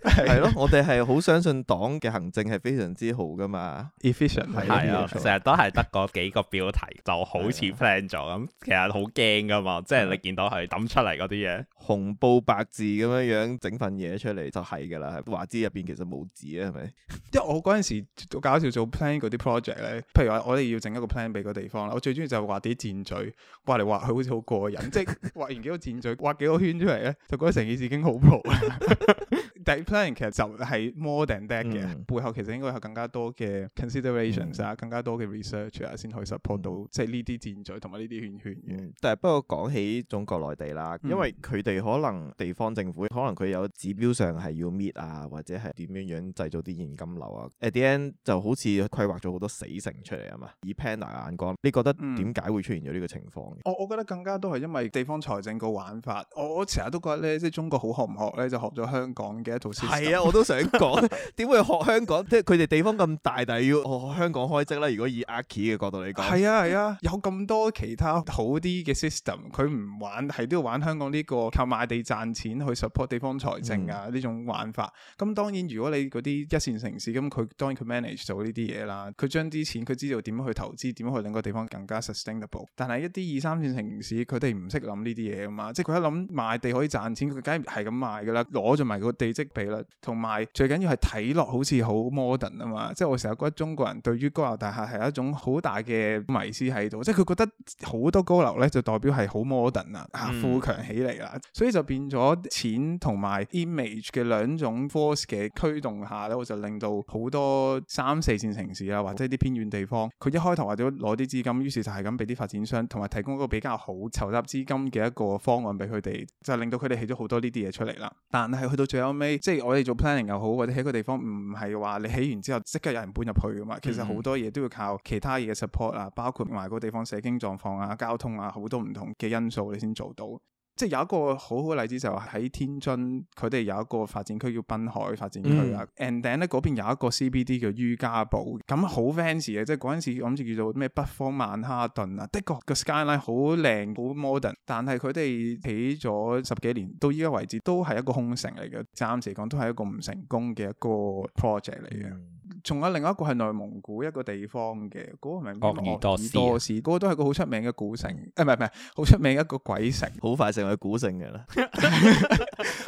Speaker 2: 係咯，我哋係好相信黨嘅行政係非常之好噶嘛，efficient 係，啊，成日
Speaker 1: 都係得嗰幾個標題就好似 plan 咗咁，其實好驚噶嘛，即係你見到係抌出嚟嗰啲嘢，
Speaker 2: 紅布白字咁樣樣整份嘢出嚟就係噶啦，話知入邊其實冇字啊，係咪？因為我嗰陣時都搞笑做 plan 嗰啲 project 咧，譬如話我哋要
Speaker 3: 整一個 plan 俾個地方啦，我最中意就話啲。箭嘴畫嚟畫去好似好過癮，即係畫完幾個箭嘴，畫幾個圈出嚟咧，就覺得成件事已經好蒲啦。 *laughs* 但係，plan 其實就係 more than that 嘅、嗯、背後，其實應該有更加多嘅 considerations 啊，嗯、更加多嘅 research 啊，
Speaker 2: 先可以 support、嗯、到
Speaker 3: 即係呢啲戰敘同埋呢啲圈圈嘅。
Speaker 2: 但係不過講起中國內地啦，因為佢哋可能地方政府可能佢有指標上係要 meet 啊，或者係點樣樣製造啲現金流啊。嗯、at the end 就好似規劃咗好多死城出嚟啊嘛。以 planner 嘅眼光，你覺得點解會出現咗呢個情況？嗯、
Speaker 3: 我我覺得更加都係因為地方財政個玩
Speaker 2: 法。我我成
Speaker 3: 日都覺得咧，即、就、係、是、中國好學唔學咧，就學咗香港嘅。一套係啊，我都想
Speaker 2: 講，點 *laughs* 會學香港？即係佢哋地方咁大，但係要學香港開職啦。如果以阿 k i 嘅角度嚟講，係啊係
Speaker 3: 啊，有咁多其他好啲嘅 system，佢唔玩，係都要玩香港呢、這個靠賣地賺錢去 support 地方財政啊呢種玩法。咁、嗯、當然，如果你嗰啲一線城市，咁佢當然佢 manage 做呢啲嘢啦。佢將啲錢，佢知道點樣去投資，點樣去令一個地方更加 sustainable。但係一啲二三線城市，佢哋唔識諗呢啲嘢噶嘛，即係佢一諗賣地可以賺錢，佢梗係咁賣噶啦，攞咗埋個地。同埋最緊要係睇落好似好 modern 啊嘛，即係我成日覺得中國人對於高樓大廈係一種好大嘅迷思喺度，即係佢覺得好多高樓咧就代表係好 modern 啊，富強起嚟啦，嗯、所以就變咗錢同埋 image 嘅兩種 force 嘅驅動下咧，我就令到好多三四線城市啊或者啲偏遠地方，佢一開頭或者攞啲資金，於是就係咁俾啲發展商同埋提供一個比較好籌集資金嘅一個方案俾佢哋，就令到佢哋起咗好多呢啲嘢出嚟啦。但係去到最後尾。哎、即係我哋做 planning 又好，或者喺一個地方唔係話你起完之後即刻有人搬入去噶嘛，其實好多嘢都要靠其他嘢嘅 support 啊，包括埋個地方社經狀況啊、交通啊，好多唔同嘅因素你先做到。即係有一個好好例子，就係、是、喺天津，佢哋有一個發展區叫濱海發展區啊。嗯、And then 咧嗰邊有一個 CBD 叫於家堡，咁好 fancy 嘅，即係嗰陣時諗住叫做咩北方曼哈頓啊。的確、個 skyline 好靚，好 modern，但係佢哋起咗十幾年，到依家為止都係一個空城嚟嘅，暫時嚟講都係一個唔成功嘅一個 project 嚟嘅。仲有另外一個係內蒙古一個地方嘅，嗰、嗰個名叫鄂爾多斯嗰、啊、個都係個好出名嘅古城，誒唔係唔係好出名一個鬼城，好快成為古城嘅啦。 *laughs*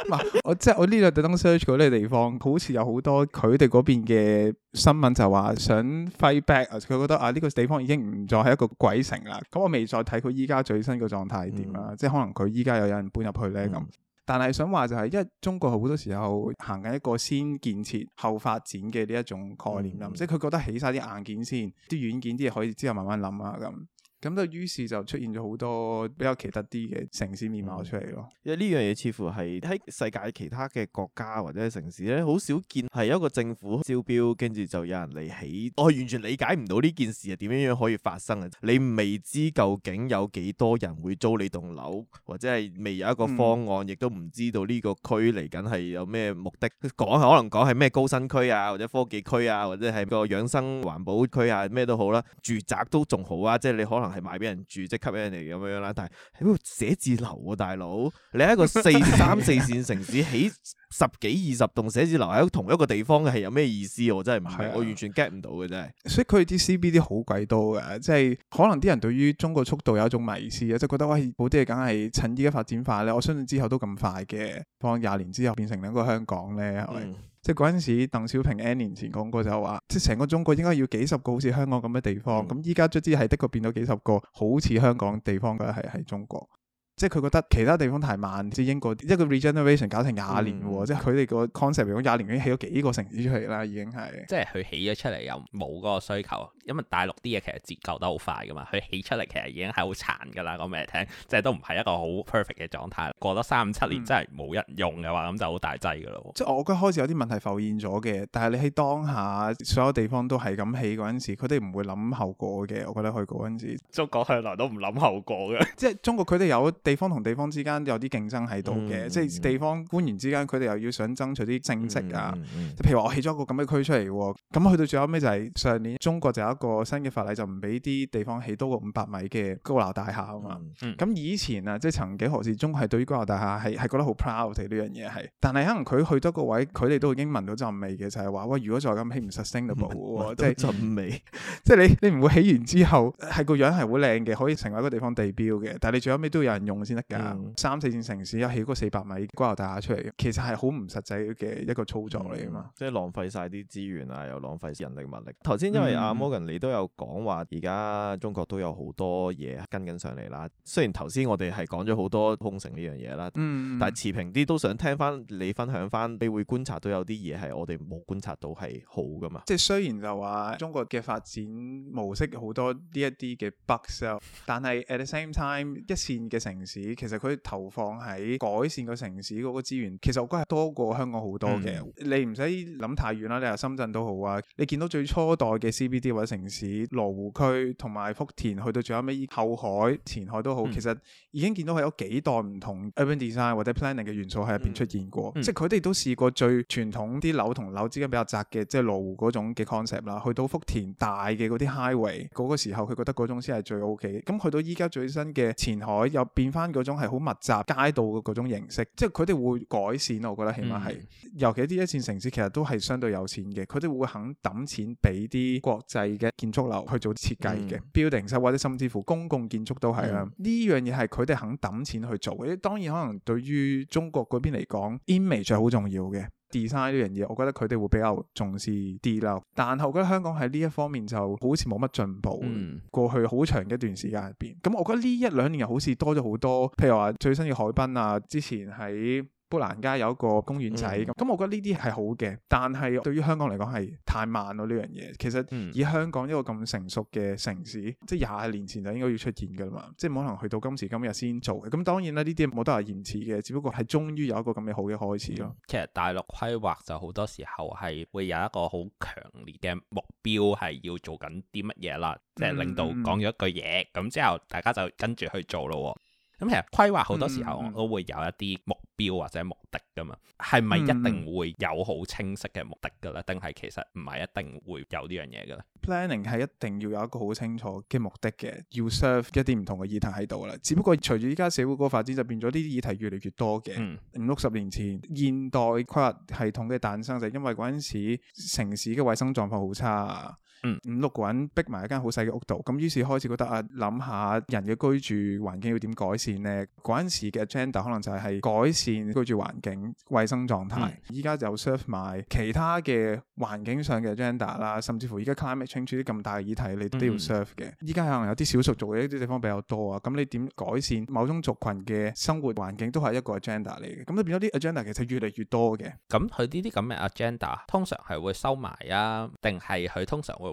Speaker 3: *laughs* 唔我即係我呢度特登 search 嗰啲地方，好似有好多佢哋嗰邊嘅新聞就話想 fade back，佢覺得啊呢個地方已經唔再係一個鬼城啦。咁我未再睇佢依家最新嘅狀態點啦，嗯、即係可能佢依家又有人搬入去咧咁。但係想話就係、是，因為中國好多時候行緊一個先建設後發展嘅呢一種概念，嗯、即係佢覺得起晒啲硬件先，啲軟件啲嘢可以之後慢慢諗啊咁。嗯。咁就於是就出現咗好多比較奇特啲嘅城市面貌出嚟
Speaker 2: 咯、嗯。因為呢樣嘢似乎係喺世界其他嘅國家或者城市咧，好少見係一個政府招標，跟住就有人嚟起。我、哦、完全理解唔到呢件事係點樣樣可以發生啊！你未知究竟有幾多人會租你棟樓，或者係未有一個方案，亦、嗯、都唔知道呢個區嚟緊係有咩目的。講可能講係咩高新區啊，或者科技區啊，或者係個養生環保區啊，咩都好啦，住宅都仲好啊，即係你可能。係賣俾人住，即係吸引人哋咁樣啦。但係喺邊度寫字樓啊，大佬？你喺一個四三四線城市起 *laughs* 十幾二十棟寫字樓喺同一個地方嘅，係有咩意思？我真係唔係，啊、我完全 get 唔到嘅啫。
Speaker 3: 所以佢哋啲 CBD 好鬼多嘅，即係可能啲人對於中國速度有一種迷思啊，即係覺得喂、哎，好啲嘢梗係趁依家發展快咧，我相信之後都咁快嘅。當廿年之後變成兩個香港咧，係咪、嗯？即係嗰陣時，鄧小平 N 年前講過就係話，即係成個中國應該要幾十個好似香港咁嘅地方。咁而家卒之係的確變到幾十個好似香港地方嘅係喺中國。即係佢覺得其他地方太慢，即英國一個 regeneration 搞成廿年喎、哦，嗯、即係佢哋個 concept 如廿年已經起咗幾個城
Speaker 1: 市出嚟啦，已經係即係佢起咗出嚟又冇嗰個需求，因為大陸啲嘢其實節奏得好快噶嘛，佢起出嚟其實已經係好殘噶啦，講俾你聽，即係都唔係一個好 perfect 嘅狀態，過多三五七年、嗯、真係冇人用嘅話，咁就好大劑噶咯。
Speaker 3: 即係我覺得開始有啲問題浮現咗嘅，但係你喺當下所有地方都係咁起嗰陣時，佢哋唔會諗後果嘅，我覺得佢嗰陣時，中
Speaker 1: 國向來都唔諗後果嘅，
Speaker 3: *laughs* 即係中國佢哋有。地方同地方之間有啲競爭喺度嘅，嗯嗯嗯，即係地方官員之間，佢哋又要想爭取啲政績啊。嗯嗯嗯嗯，譬如話，我起咗一個咁嘅區出嚟喎，咁去到最後尾，就係上年中國就有一個新嘅法例，就唔俾啲地方起多過五百米嘅高樓大廈啊嘛。咁、嗯嗯嗯嗯、以前啊，即係曾幾何時，中國係對於高樓大廈係係覺得好 proud 嘅呢樣嘢係，但係可能佢去到個位，佢哋都已經聞到陣味嘅，就係話喂，如果再咁起唔 sustainable 喎，即係陣味。即係你你唔會起完之後係個樣係會靚嘅，可以成為一個地方地標嘅，但係你最後尾都有人用。先得㗎，嗯、三四線城市一起個四百米高樓大廈出嚟，其實係好唔實際嘅一個操作嚟啊嘛，嗯、
Speaker 2: 即係浪費晒啲資源啊，又浪費人力物力。頭先因為阿、啊嗯、Morgan 你都有講話，而家中國都有好多嘢跟緊上嚟啦。雖然頭先我哋係講咗好多空城呢樣嘢啦，嗯，但係持平啲都想聽翻你分享翻，你會觀察到有啲嘢係我哋冇觀察到係好㗎嘛？嗯嗯、即係雖然就話
Speaker 3: 中國嘅發展
Speaker 2: 模式好多呢一
Speaker 3: 啲嘅 bug，但係 at the same time 一線嘅城市其實佢投放喺改善個城市嗰個資源，其實我覺得係多過香港好多嘅，嗯啊。你唔使諗太遠啦，你話深圳都好啊。你見到最初代嘅 CBD 或者城市羅湖區同埋福田去到最後尾後海、前海都好，嗯、其實已經見到佢有幾代唔同 urban design 或者 planning 嘅元素喺入邊出現過，嗯嗯、即係佢哋都試過最傳統啲樓同樓之間比較窄嘅，即係羅湖嗰種嘅 concept 啦。去到福田大嘅嗰啲 highway 嗰個時候，佢覺得嗰種先係最 OK。咁去到依家最新嘅前海有變。翻嗰種係好密集街道嘅嗰種形式，即係佢哋會改善，我覺得起碼係，嗯、尤其啲一,一線城市其實都係相對有錢嘅，佢哋會肯抌錢俾啲國際嘅建築樓去做設計嘅 building 室，或者甚至乎公共建築都係啊，呢、嗯、樣嘢係佢哋肯抌錢去做嘅。當然可能對於中國嗰邊嚟講，image 係好重要嘅。design 呢樣嘢，我覺得佢哋會比較重視啲啦。但係我覺得香港喺呢一方面就好似冇乜進步。嗯、過去好長一段時間入邊，咁我覺得呢一兩年又好似多咗好多，譬如話最新嘅海濱啊，之前喺，富蘭街有一個公園仔咁，咁、嗯、我覺得呢啲係好嘅，但係對於香港嚟講係太慢咯呢樣嘢。其實以香港一個咁成熟嘅城市，嗯、即係廿年前就應該要出現噶啦嘛，即係冇可能去到今時今日先做嘅。咁當然啦，呢啲冇得話延遲嘅，只不過係終於有一個咁嘅好嘅開始咯、嗯。
Speaker 1: 其實大陸規劃就好多時候係會有一個好強烈嘅目標，係要做緊啲乜嘢啦，即係、嗯、領導講咗一句嘢，咁、嗯、之後大家就跟住去做咯。咁其實規劃好多時候、嗯、我都會有一啲目標或者目的㗎嘛，係咪一定會有好清晰嘅目的㗎喇？定係、嗯、其實唔係一定會有呢樣嘢㗎喇
Speaker 3: ？Planning 係一定要有一個好清楚嘅目的嘅，要 serve 一啲唔同嘅議題喺度啦。只不過隨住依家社會嗰個發展就變咗呢啲議題越嚟越多嘅。五六十年前現代規劃系統嘅誕生就係因為嗰陣時城市嘅衞生狀況好差啊。嗯，五六個人逼埋一間好細嘅屋度，咁於是開始覺得啊，諗下人嘅居住環境要點改善咧。嗰陣時嘅 agenda 可能就係改善居住環境、衞生狀態。依家就 serve 埋其他嘅環境上嘅 agenda 啦，甚至乎依家 climate change 啲咁大嘅議題，你都要 serve 嘅。依家、嗯、可能有啲少數族裔嘅一啲地方比較多啊，咁你點改善某種族群嘅生活環境都
Speaker 1: 係一個 agenda 嚟嘅。咁你變咗啲 agenda 其實越嚟越多嘅。咁佢呢啲咁嘅 agenda 通常係會收埋啊，定係佢通常會？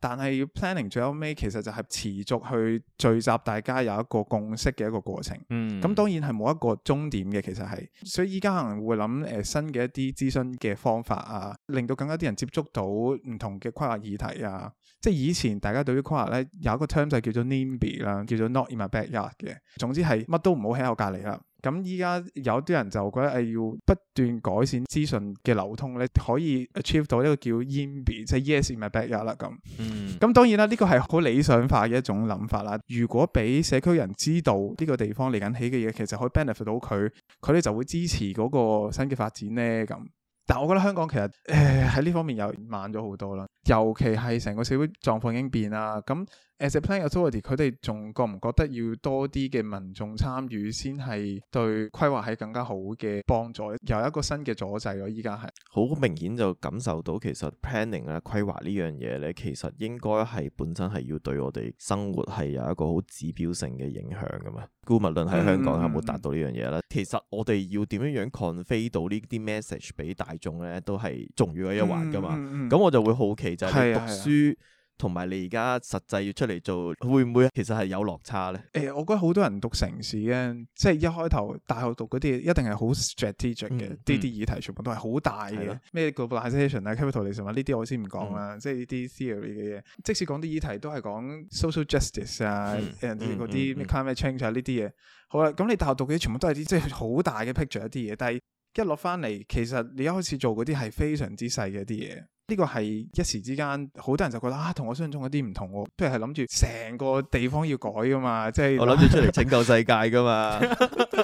Speaker 3: 但係要 planning，最後尾其實就係持續去聚集大家有一個共識嘅一個過程。嗯，咁、嗯、當然係冇一個終點嘅，其實係。所以依家可能會諗誒、呃、新嘅一啲諮詢嘅方法啊，令到更加啲人接觸到唔同嘅規劃議題啊。即係以前大家對於規劃咧有一個 term 就叫做 NIMBY 啦，叫做 Not in My Backyard 嘅。總之係乜都唔好喺我隔離啦。咁依家有啲人就覺得誒要不斷改善資訊嘅流通咧，可以 achieve 到一個叫 YIMBY，即係 yes in my backyard 啦咁。咁、嗯、當然啦，呢、這個係好理想化嘅一種諗法啦。如果俾社區人知道呢個地方嚟緊起嘅嘢，其實可以 benefit 到佢，佢哋就會支持嗰個新嘅發展咧。咁，但我覺得香港其實誒喺呢方面又慢咗好多啦，尤其係成個社會狀況已經變啦咁。作為 plan Authority，佢哋仲覺唔覺得要多啲嘅民眾參與先係對規劃係更加好嘅幫助？有一個新嘅阻滯囉，依家係
Speaker 2: 好明顯就感受到，其實 planning 咧，規劃呢樣嘢咧，其實應該係本身係要對我哋生活係有一個好指標性嘅影響噶嘛。姑勿論喺香港係冇達到呢樣嘢咧，嗯嗯、其實我哋要點樣樣 convey 到呢啲 message 俾大眾咧，都係重要嘅一環噶嘛。咁、嗯嗯嗯、我就會好奇就係讀書。同埋你而家實際要出嚟做，會唔會其實係有落差咧？誒、欸，我覺得好多人讀城市咧，即、就、係、是、一
Speaker 3: 開頭大學讀嗰啲，一定係好 strategic 嘅，啲啲、嗯嗯、議題全部都係好大嘅。咩、嗯嗯、globalisation 啊，capitalism 啊，呢啲我先唔講啦，即係啲 theory 嘅嘢。即使講啲議題都係講 social justice 啊，人哋嗰啲咩 climate change 啊呢啲嘢。嗯嗯嗯、好啦，咁你大學讀嘅全部都係啲即係好大嘅 picture 一啲嘢，但係一落翻嚟，其實你一開始做嗰啲係非常之細嘅一啲嘢。呢個係一時之間，好多人就覺得啊，同我想象中一啲唔同啊。我即係諗住成個地方要改噶嘛，即、就、係、是、我諗住出嚟拯救世界噶嘛。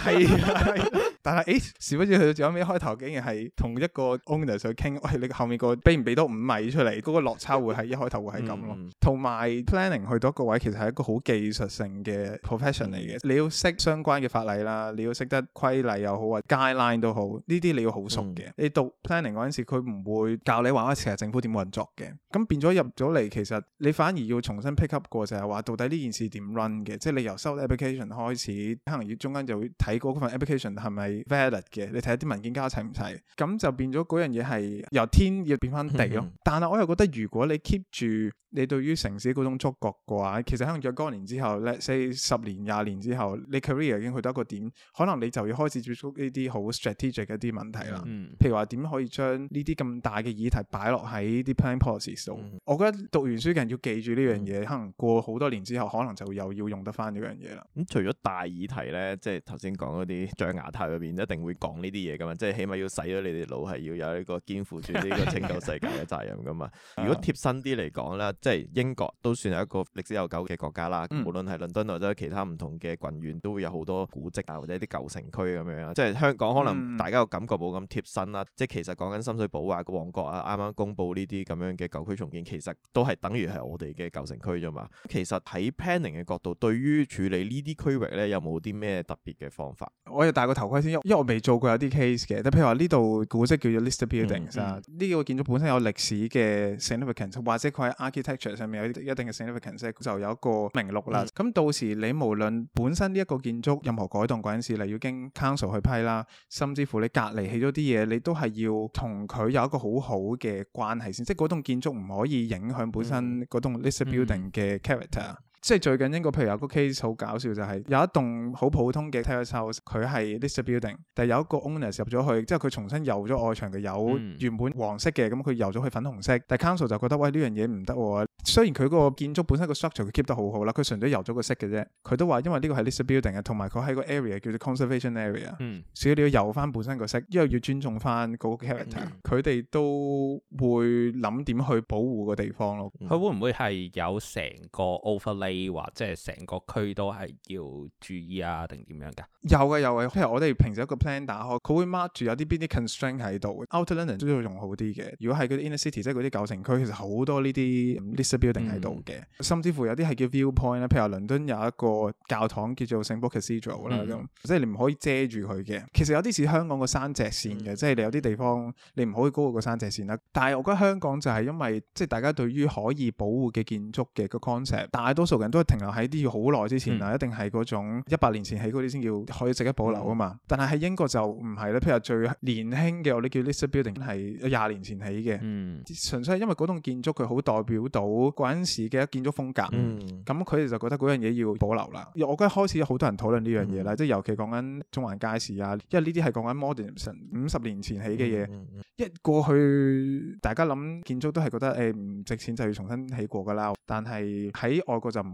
Speaker 3: 係， *laughs* *laughs* 但係誒，時不時去到最屘一開頭，竟然係同一個 owner 上去傾，喂，你後面、那個俾唔俾多五米出嚟？嗰、那個落差會係 *laughs* 一開頭會係咁咯。同埋 planning 去到一個位，其實係一個好技術性嘅 profession 嚟嘅。你要識相關嘅法例啦，你要識得規例又好啊，guideline 都好，呢啲你要好熟嘅。嗯、你讀 planning 嗰陣時，佢唔會教你話我政府點運作嘅？咁變咗入咗嚟，其實你反而要重新 pick up 過，就係話到底呢件事點 run 嘅？即係你由收 application 開始，可能要中間就會睇嗰份 application 係咪 valid 嘅？你睇下啲文件加齊唔齊？咁就變咗嗰樣嘢係由天要變翻地咯。 *noise* 但係我又覺得，如果你 keep 住，你對於城市嗰種觸覺嘅話，其實可能若干年之後咧，即係 let's say 十年、廿年之後，你 career 已經去到一個點，可能你就要開始接觸呢啲好 strategic 一啲問題啦。嗯。譬如話點可以將呢啲咁大嘅議題擺落喺啲 plan policies 度？嗯、我覺得讀完書嘅人要記住呢樣嘢，嗯、可能過好多年之後，可能就又要用得翻呢樣嘢啦。
Speaker 2: 咁、嗯、除咗大議題咧，即係頭先講嗰啲象牙塔嗰邊一定會講呢啲嘢噶嘛，即係起碼要洗咗你哋腦係要有一個肩負住呢個拯救世界嘅責任噶嘛。 *laughs* 如果貼身啲嚟講咧。即係英國都算係一個歷史悠久嘅國家啦，嗯、無論係倫敦或者其他唔同嘅郡縣，都會有好多古跡啊或者啲舊城區咁樣。即係香港可能大家嘅感覺冇咁貼身啦、啊。嗯、即係其實講緊深水埗啊、旺角啊，啱啱公布呢啲咁樣嘅舊區重建，其實都係等於係我哋嘅舊城區啫嘛。其實喺 planning 嘅角度，對於處理呢啲區域咧，有冇啲咩特別嘅方法？
Speaker 3: 我哋戴個頭盔先，因因為我未做過有啲 case 嘅。即譬如話呢度古跡叫做 listed buildings、嗯嗯、啊，呢個建築本身有歷史嘅 significance 或者佢係 architect 上面有一定嘅 significance，就有一個名錄啦。咁的到時你無論本身呢一個建築任何改動嗰陣時，例要經 council 去批啦，甚至乎你隔離起咗啲嘢，你都係要同佢有一個好好嘅關係先，即係嗰棟建築唔可以影響本身嗰棟 listed building 嘅 character。嗯嗯即係最近英國，譬如有個 case 好搞笑，就係有一棟好普通嘅 terraced house，佢係 listed building，但係有一個 owner 入咗去，即係佢重新油咗外牆嘅油，有原本黃色嘅，咁佢油咗佢粉紅色。但係 council 就覺得，喂，呢樣嘢唔得，雖然佢個建築本身個 structure 佢 keep 得好好啦，佢純粹油咗個色嘅啫。佢都話因為呢個係 listed building 啊，同埋佢喺個 area 叫做 conservation area，少少你要油翻本身個色，因為要尊重翻個 character、嗯。佢哋都會諗點去保護個地方咯。
Speaker 1: 佢、嗯、會唔會係有成個 overlay 或者即係成個區都係要注意啊，定點樣噶？
Speaker 3: 有嘅，有嘅。譬如我哋平時一個 plan 打開，佢會 mark 住有啲邊啲 constraint 喺度。Outer London 都要用好啲嘅。如果係嗰啲 inner city，即係嗰啲舊城區，其實好多呢啲 listed building 喺度嘅。甚至乎有啲係叫 viewpoint 啦，譬如話倫敦有一個教堂叫做聖保羅大教堂啦，咁、嗯、即係你唔可以遮住佢嘅。其實有啲似香港個山脊線嘅，嗯、即係你有啲地方你唔可以高過個山脊線啦。但係我覺得香港就係因為即係大家對於可以保護嘅建築嘅個 concept，大多數。都係停留喺啲要好耐之前啊，嗯、一定係嗰種一百年前起嗰啲先叫可以值得保留啊嘛。嗯、但係喺英國就唔係咧，譬如最年輕嘅我哋叫 listed building 係廿年前起嘅，純粹係因為嗰棟建築佢好代表到嗰陣時嘅建築風格。咁佢哋就覺得嗰樣嘢要保留啦。我覺得開始有好多人討論呢樣嘢啦，即係、嗯、尤其講緊中環街市啊，因為呢啲係講緊 modernism 五十年前起嘅嘢。嗯、一過去大家諗建築都係覺得誒唔、哎、值錢就要重新起過㗎啦，但係喺外國就唔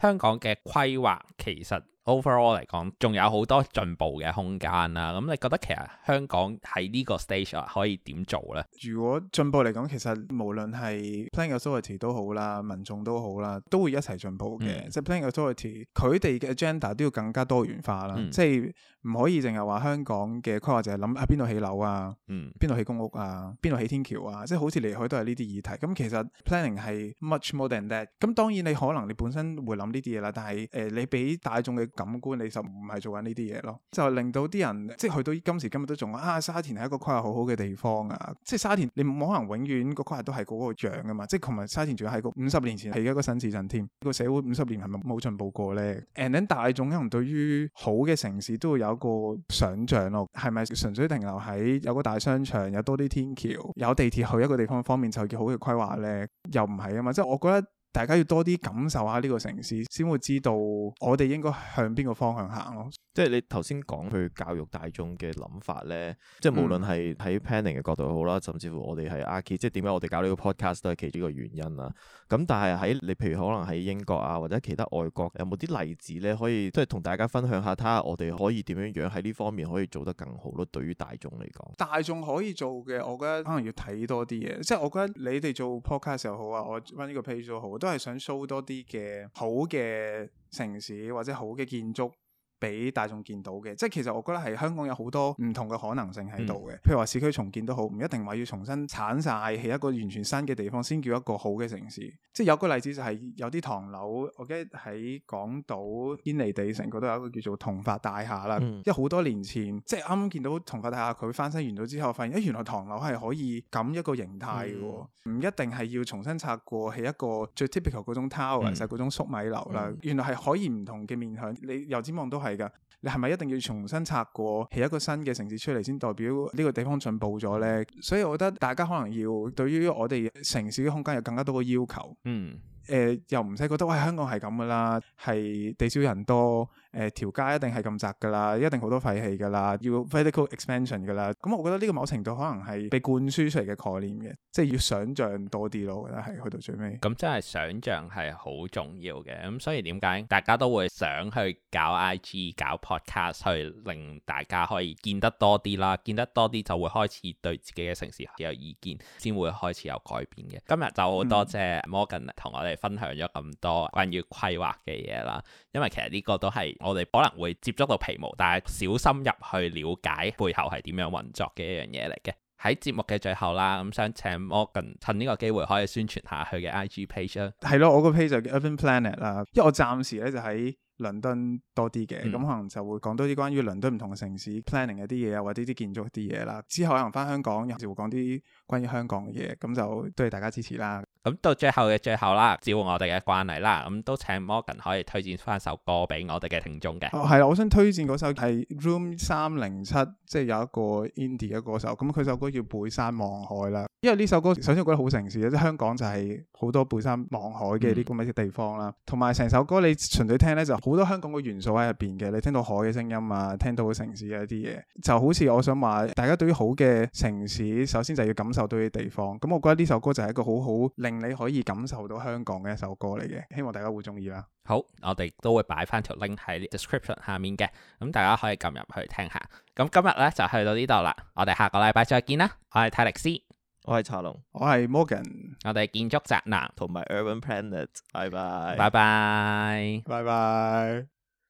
Speaker 1: 香港嘅規劃其實 overall 嚟講，仲有好多進步嘅空間啦、啊。咁、嗯、你覺得其實香港喺呢個 stage 可以點做咧？
Speaker 3: 如果進步嚟講，其實無論係 planning authority 都好啦，民眾都好啦，都會一齊進步嘅。嗯、即係 planning authority，佢哋嘅 agenda 都要更加多元化啦。嗯、即係唔可以淨係話香港嘅規劃就係諗啊邊度起樓啊，邊度起公屋啊，邊度起天橋啊，即係好似離開都係呢啲議題。咁其實 planning 係 much more than that。咁當然你可能你本身會諗。諗呢啲嘢啦，但係誒、呃，你俾大眾嘅感官，你就唔係做緊呢啲嘢咯，就令到啲人即係去到今時今日都仲話啊沙田係一個規劃好好嘅地方啊，即係沙田你冇可能永遠個規劃都係嗰個樣噶嘛，即係同埋沙田仲要喺個五十年前起一個新市鎮添，這個社會五十年係咪冇進步過咧？And then 大眾可能對於好嘅城市都會有一個想象咯，係咪純粹停留喺有個大商場，有多啲天橋，有地鐵去一個地方方面就叫好嘅規劃咧？又唔係啊嘛，即係我覺得。大家要多啲感受下呢個城市，先會知道我哋
Speaker 2: 應該向邊個方向行咯。即係你頭先講去教育大眾嘅諗法咧，即係無論係喺 planning 嘅角度好啦，嗯、甚至乎我哋係 Archi 即係點解我哋搞呢個 podcast 都係其中一個原因啦。咁但係喺你譬如可能喺英國啊，或者其他外國有冇啲例子咧，可以即係同大家分享下，睇下我哋可以點樣樣喺呢方面可以做得更好咯。對於大眾嚟講，
Speaker 3: 大眾可以做嘅，我覺得可能要睇多啲嘢。即係我覺得你哋做 podcast 又好啊，我揾呢個 page 都好，都係想 show 多啲嘅好嘅城市或者好嘅建築。俾大眾見到嘅，即係其實我覺得係香港有好多唔同嘅可能性喺度嘅，嗯、譬如話市區重建都好，唔一定話要重新鏟晒。起一個完全新嘅地方先叫一個好嘅城市。即係有個例子就係、是、有啲唐樓，我記得喺港島堅尼，尼地城嗰度有一個叫做同發大廈啦。嗯、因為好多年前，即係啱啱見到同發大廈佢翻新完咗之後，發現啊、欸、原來唐樓係可以咁一個形態嘅，唔、嗯、一定係要重新拆過起一個最 typical 嗰種 tower 就係嗰種粟米樓啦。嗯嗯、原來係可以唔同嘅面向，你油尖旺都係。你係咪一定要重新拆過，起一個新嘅城市出嚟，先代表呢個地方進步咗呢？所以我覺得大家可能要對於我哋城市嘅空間有更加多嘅要求。嗯，誒、呃，又唔使覺得喂，香港係咁噶啦，係地少人多。誒條、呃、街一定係咁窄㗎啦，一定好多廢氣㗎啦，要 physical expansion 㗎啦。咁、嗯、我覺得呢個某程度可能係被灌輸出嚟嘅概念嘅，即係要想像多啲咯。我覺得
Speaker 1: 係去到最尾。咁、嗯、真係想像係好重要嘅。咁所以點解大家都會想去搞 IG、搞 Podcast，去令大家可以見得多啲啦，見得多啲就會開始對自己嘅城市有意見，先會開始有改變嘅。今日就好多謝 Morgan 同、嗯、我哋分享咗咁多關於規劃嘅嘢啦，因為其實呢個都係。我哋可能會接觸到皮毛，但係小心入去了解背後係點樣運作嘅一樣嘢嚟嘅。喺節目嘅最後啦，咁想請 Morgan 趁呢個機會可以宣傳下佢嘅 IG page 啦。
Speaker 3: 係咯，我個 page 就叫 Urban Planet 啦，因為我暫時咧就喺倫敦多啲嘅，咁、嗯、可能就會講多啲關於倫敦唔同嘅城市 planning 一啲嘢啊，或者啲建築一啲嘢啦。之後可能翻香港有時會講啲關於香港嘅嘢，咁就多謝大家支持啦。
Speaker 1: 咁到最後嘅最後啦，照我哋嘅慣例啦，咁、嗯、都請 Morgan 可以推薦翻首歌俾我哋嘅聽眾嘅。哦，
Speaker 3: 係啦，我想推薦嗰首係 Room 三零七，即係有一個 Indie 嘅歌手。咁佢首歌叫《背山望海》啦。因為呢首歌首先我覺得好城市，即係香港就係好多背山望海嘅啲咁嘅地方啦。同埋成首歌你純粹聽咧，就好多香港嘅元素喺入邊嘅。你聽到海嘅聲音啊，聽到城市嘅一啲嘢，就好似我想話大家對於好嘅城市，首先就要感受到啲地方。咁我覺得呢首歌就係一個好好令。你可以感受到香港嘅一首歌嚟嘅，希望大家會中意啦。
Speaker 1: 好，我哋都會擺翻條 link 喺 description 下面嘅，咁大家可以撳入去聽下。咁今日咧就去到呢度啦，我哋下個禮拜再見啦。我係泰力斯，我係查龍，
Speaker 3: 我係是 Morgan，
Speaker 1: 我哋建築宅男同埋 Urban Planet，拜拜，拜拜，拜
Speaker 2: 拜。拜拜。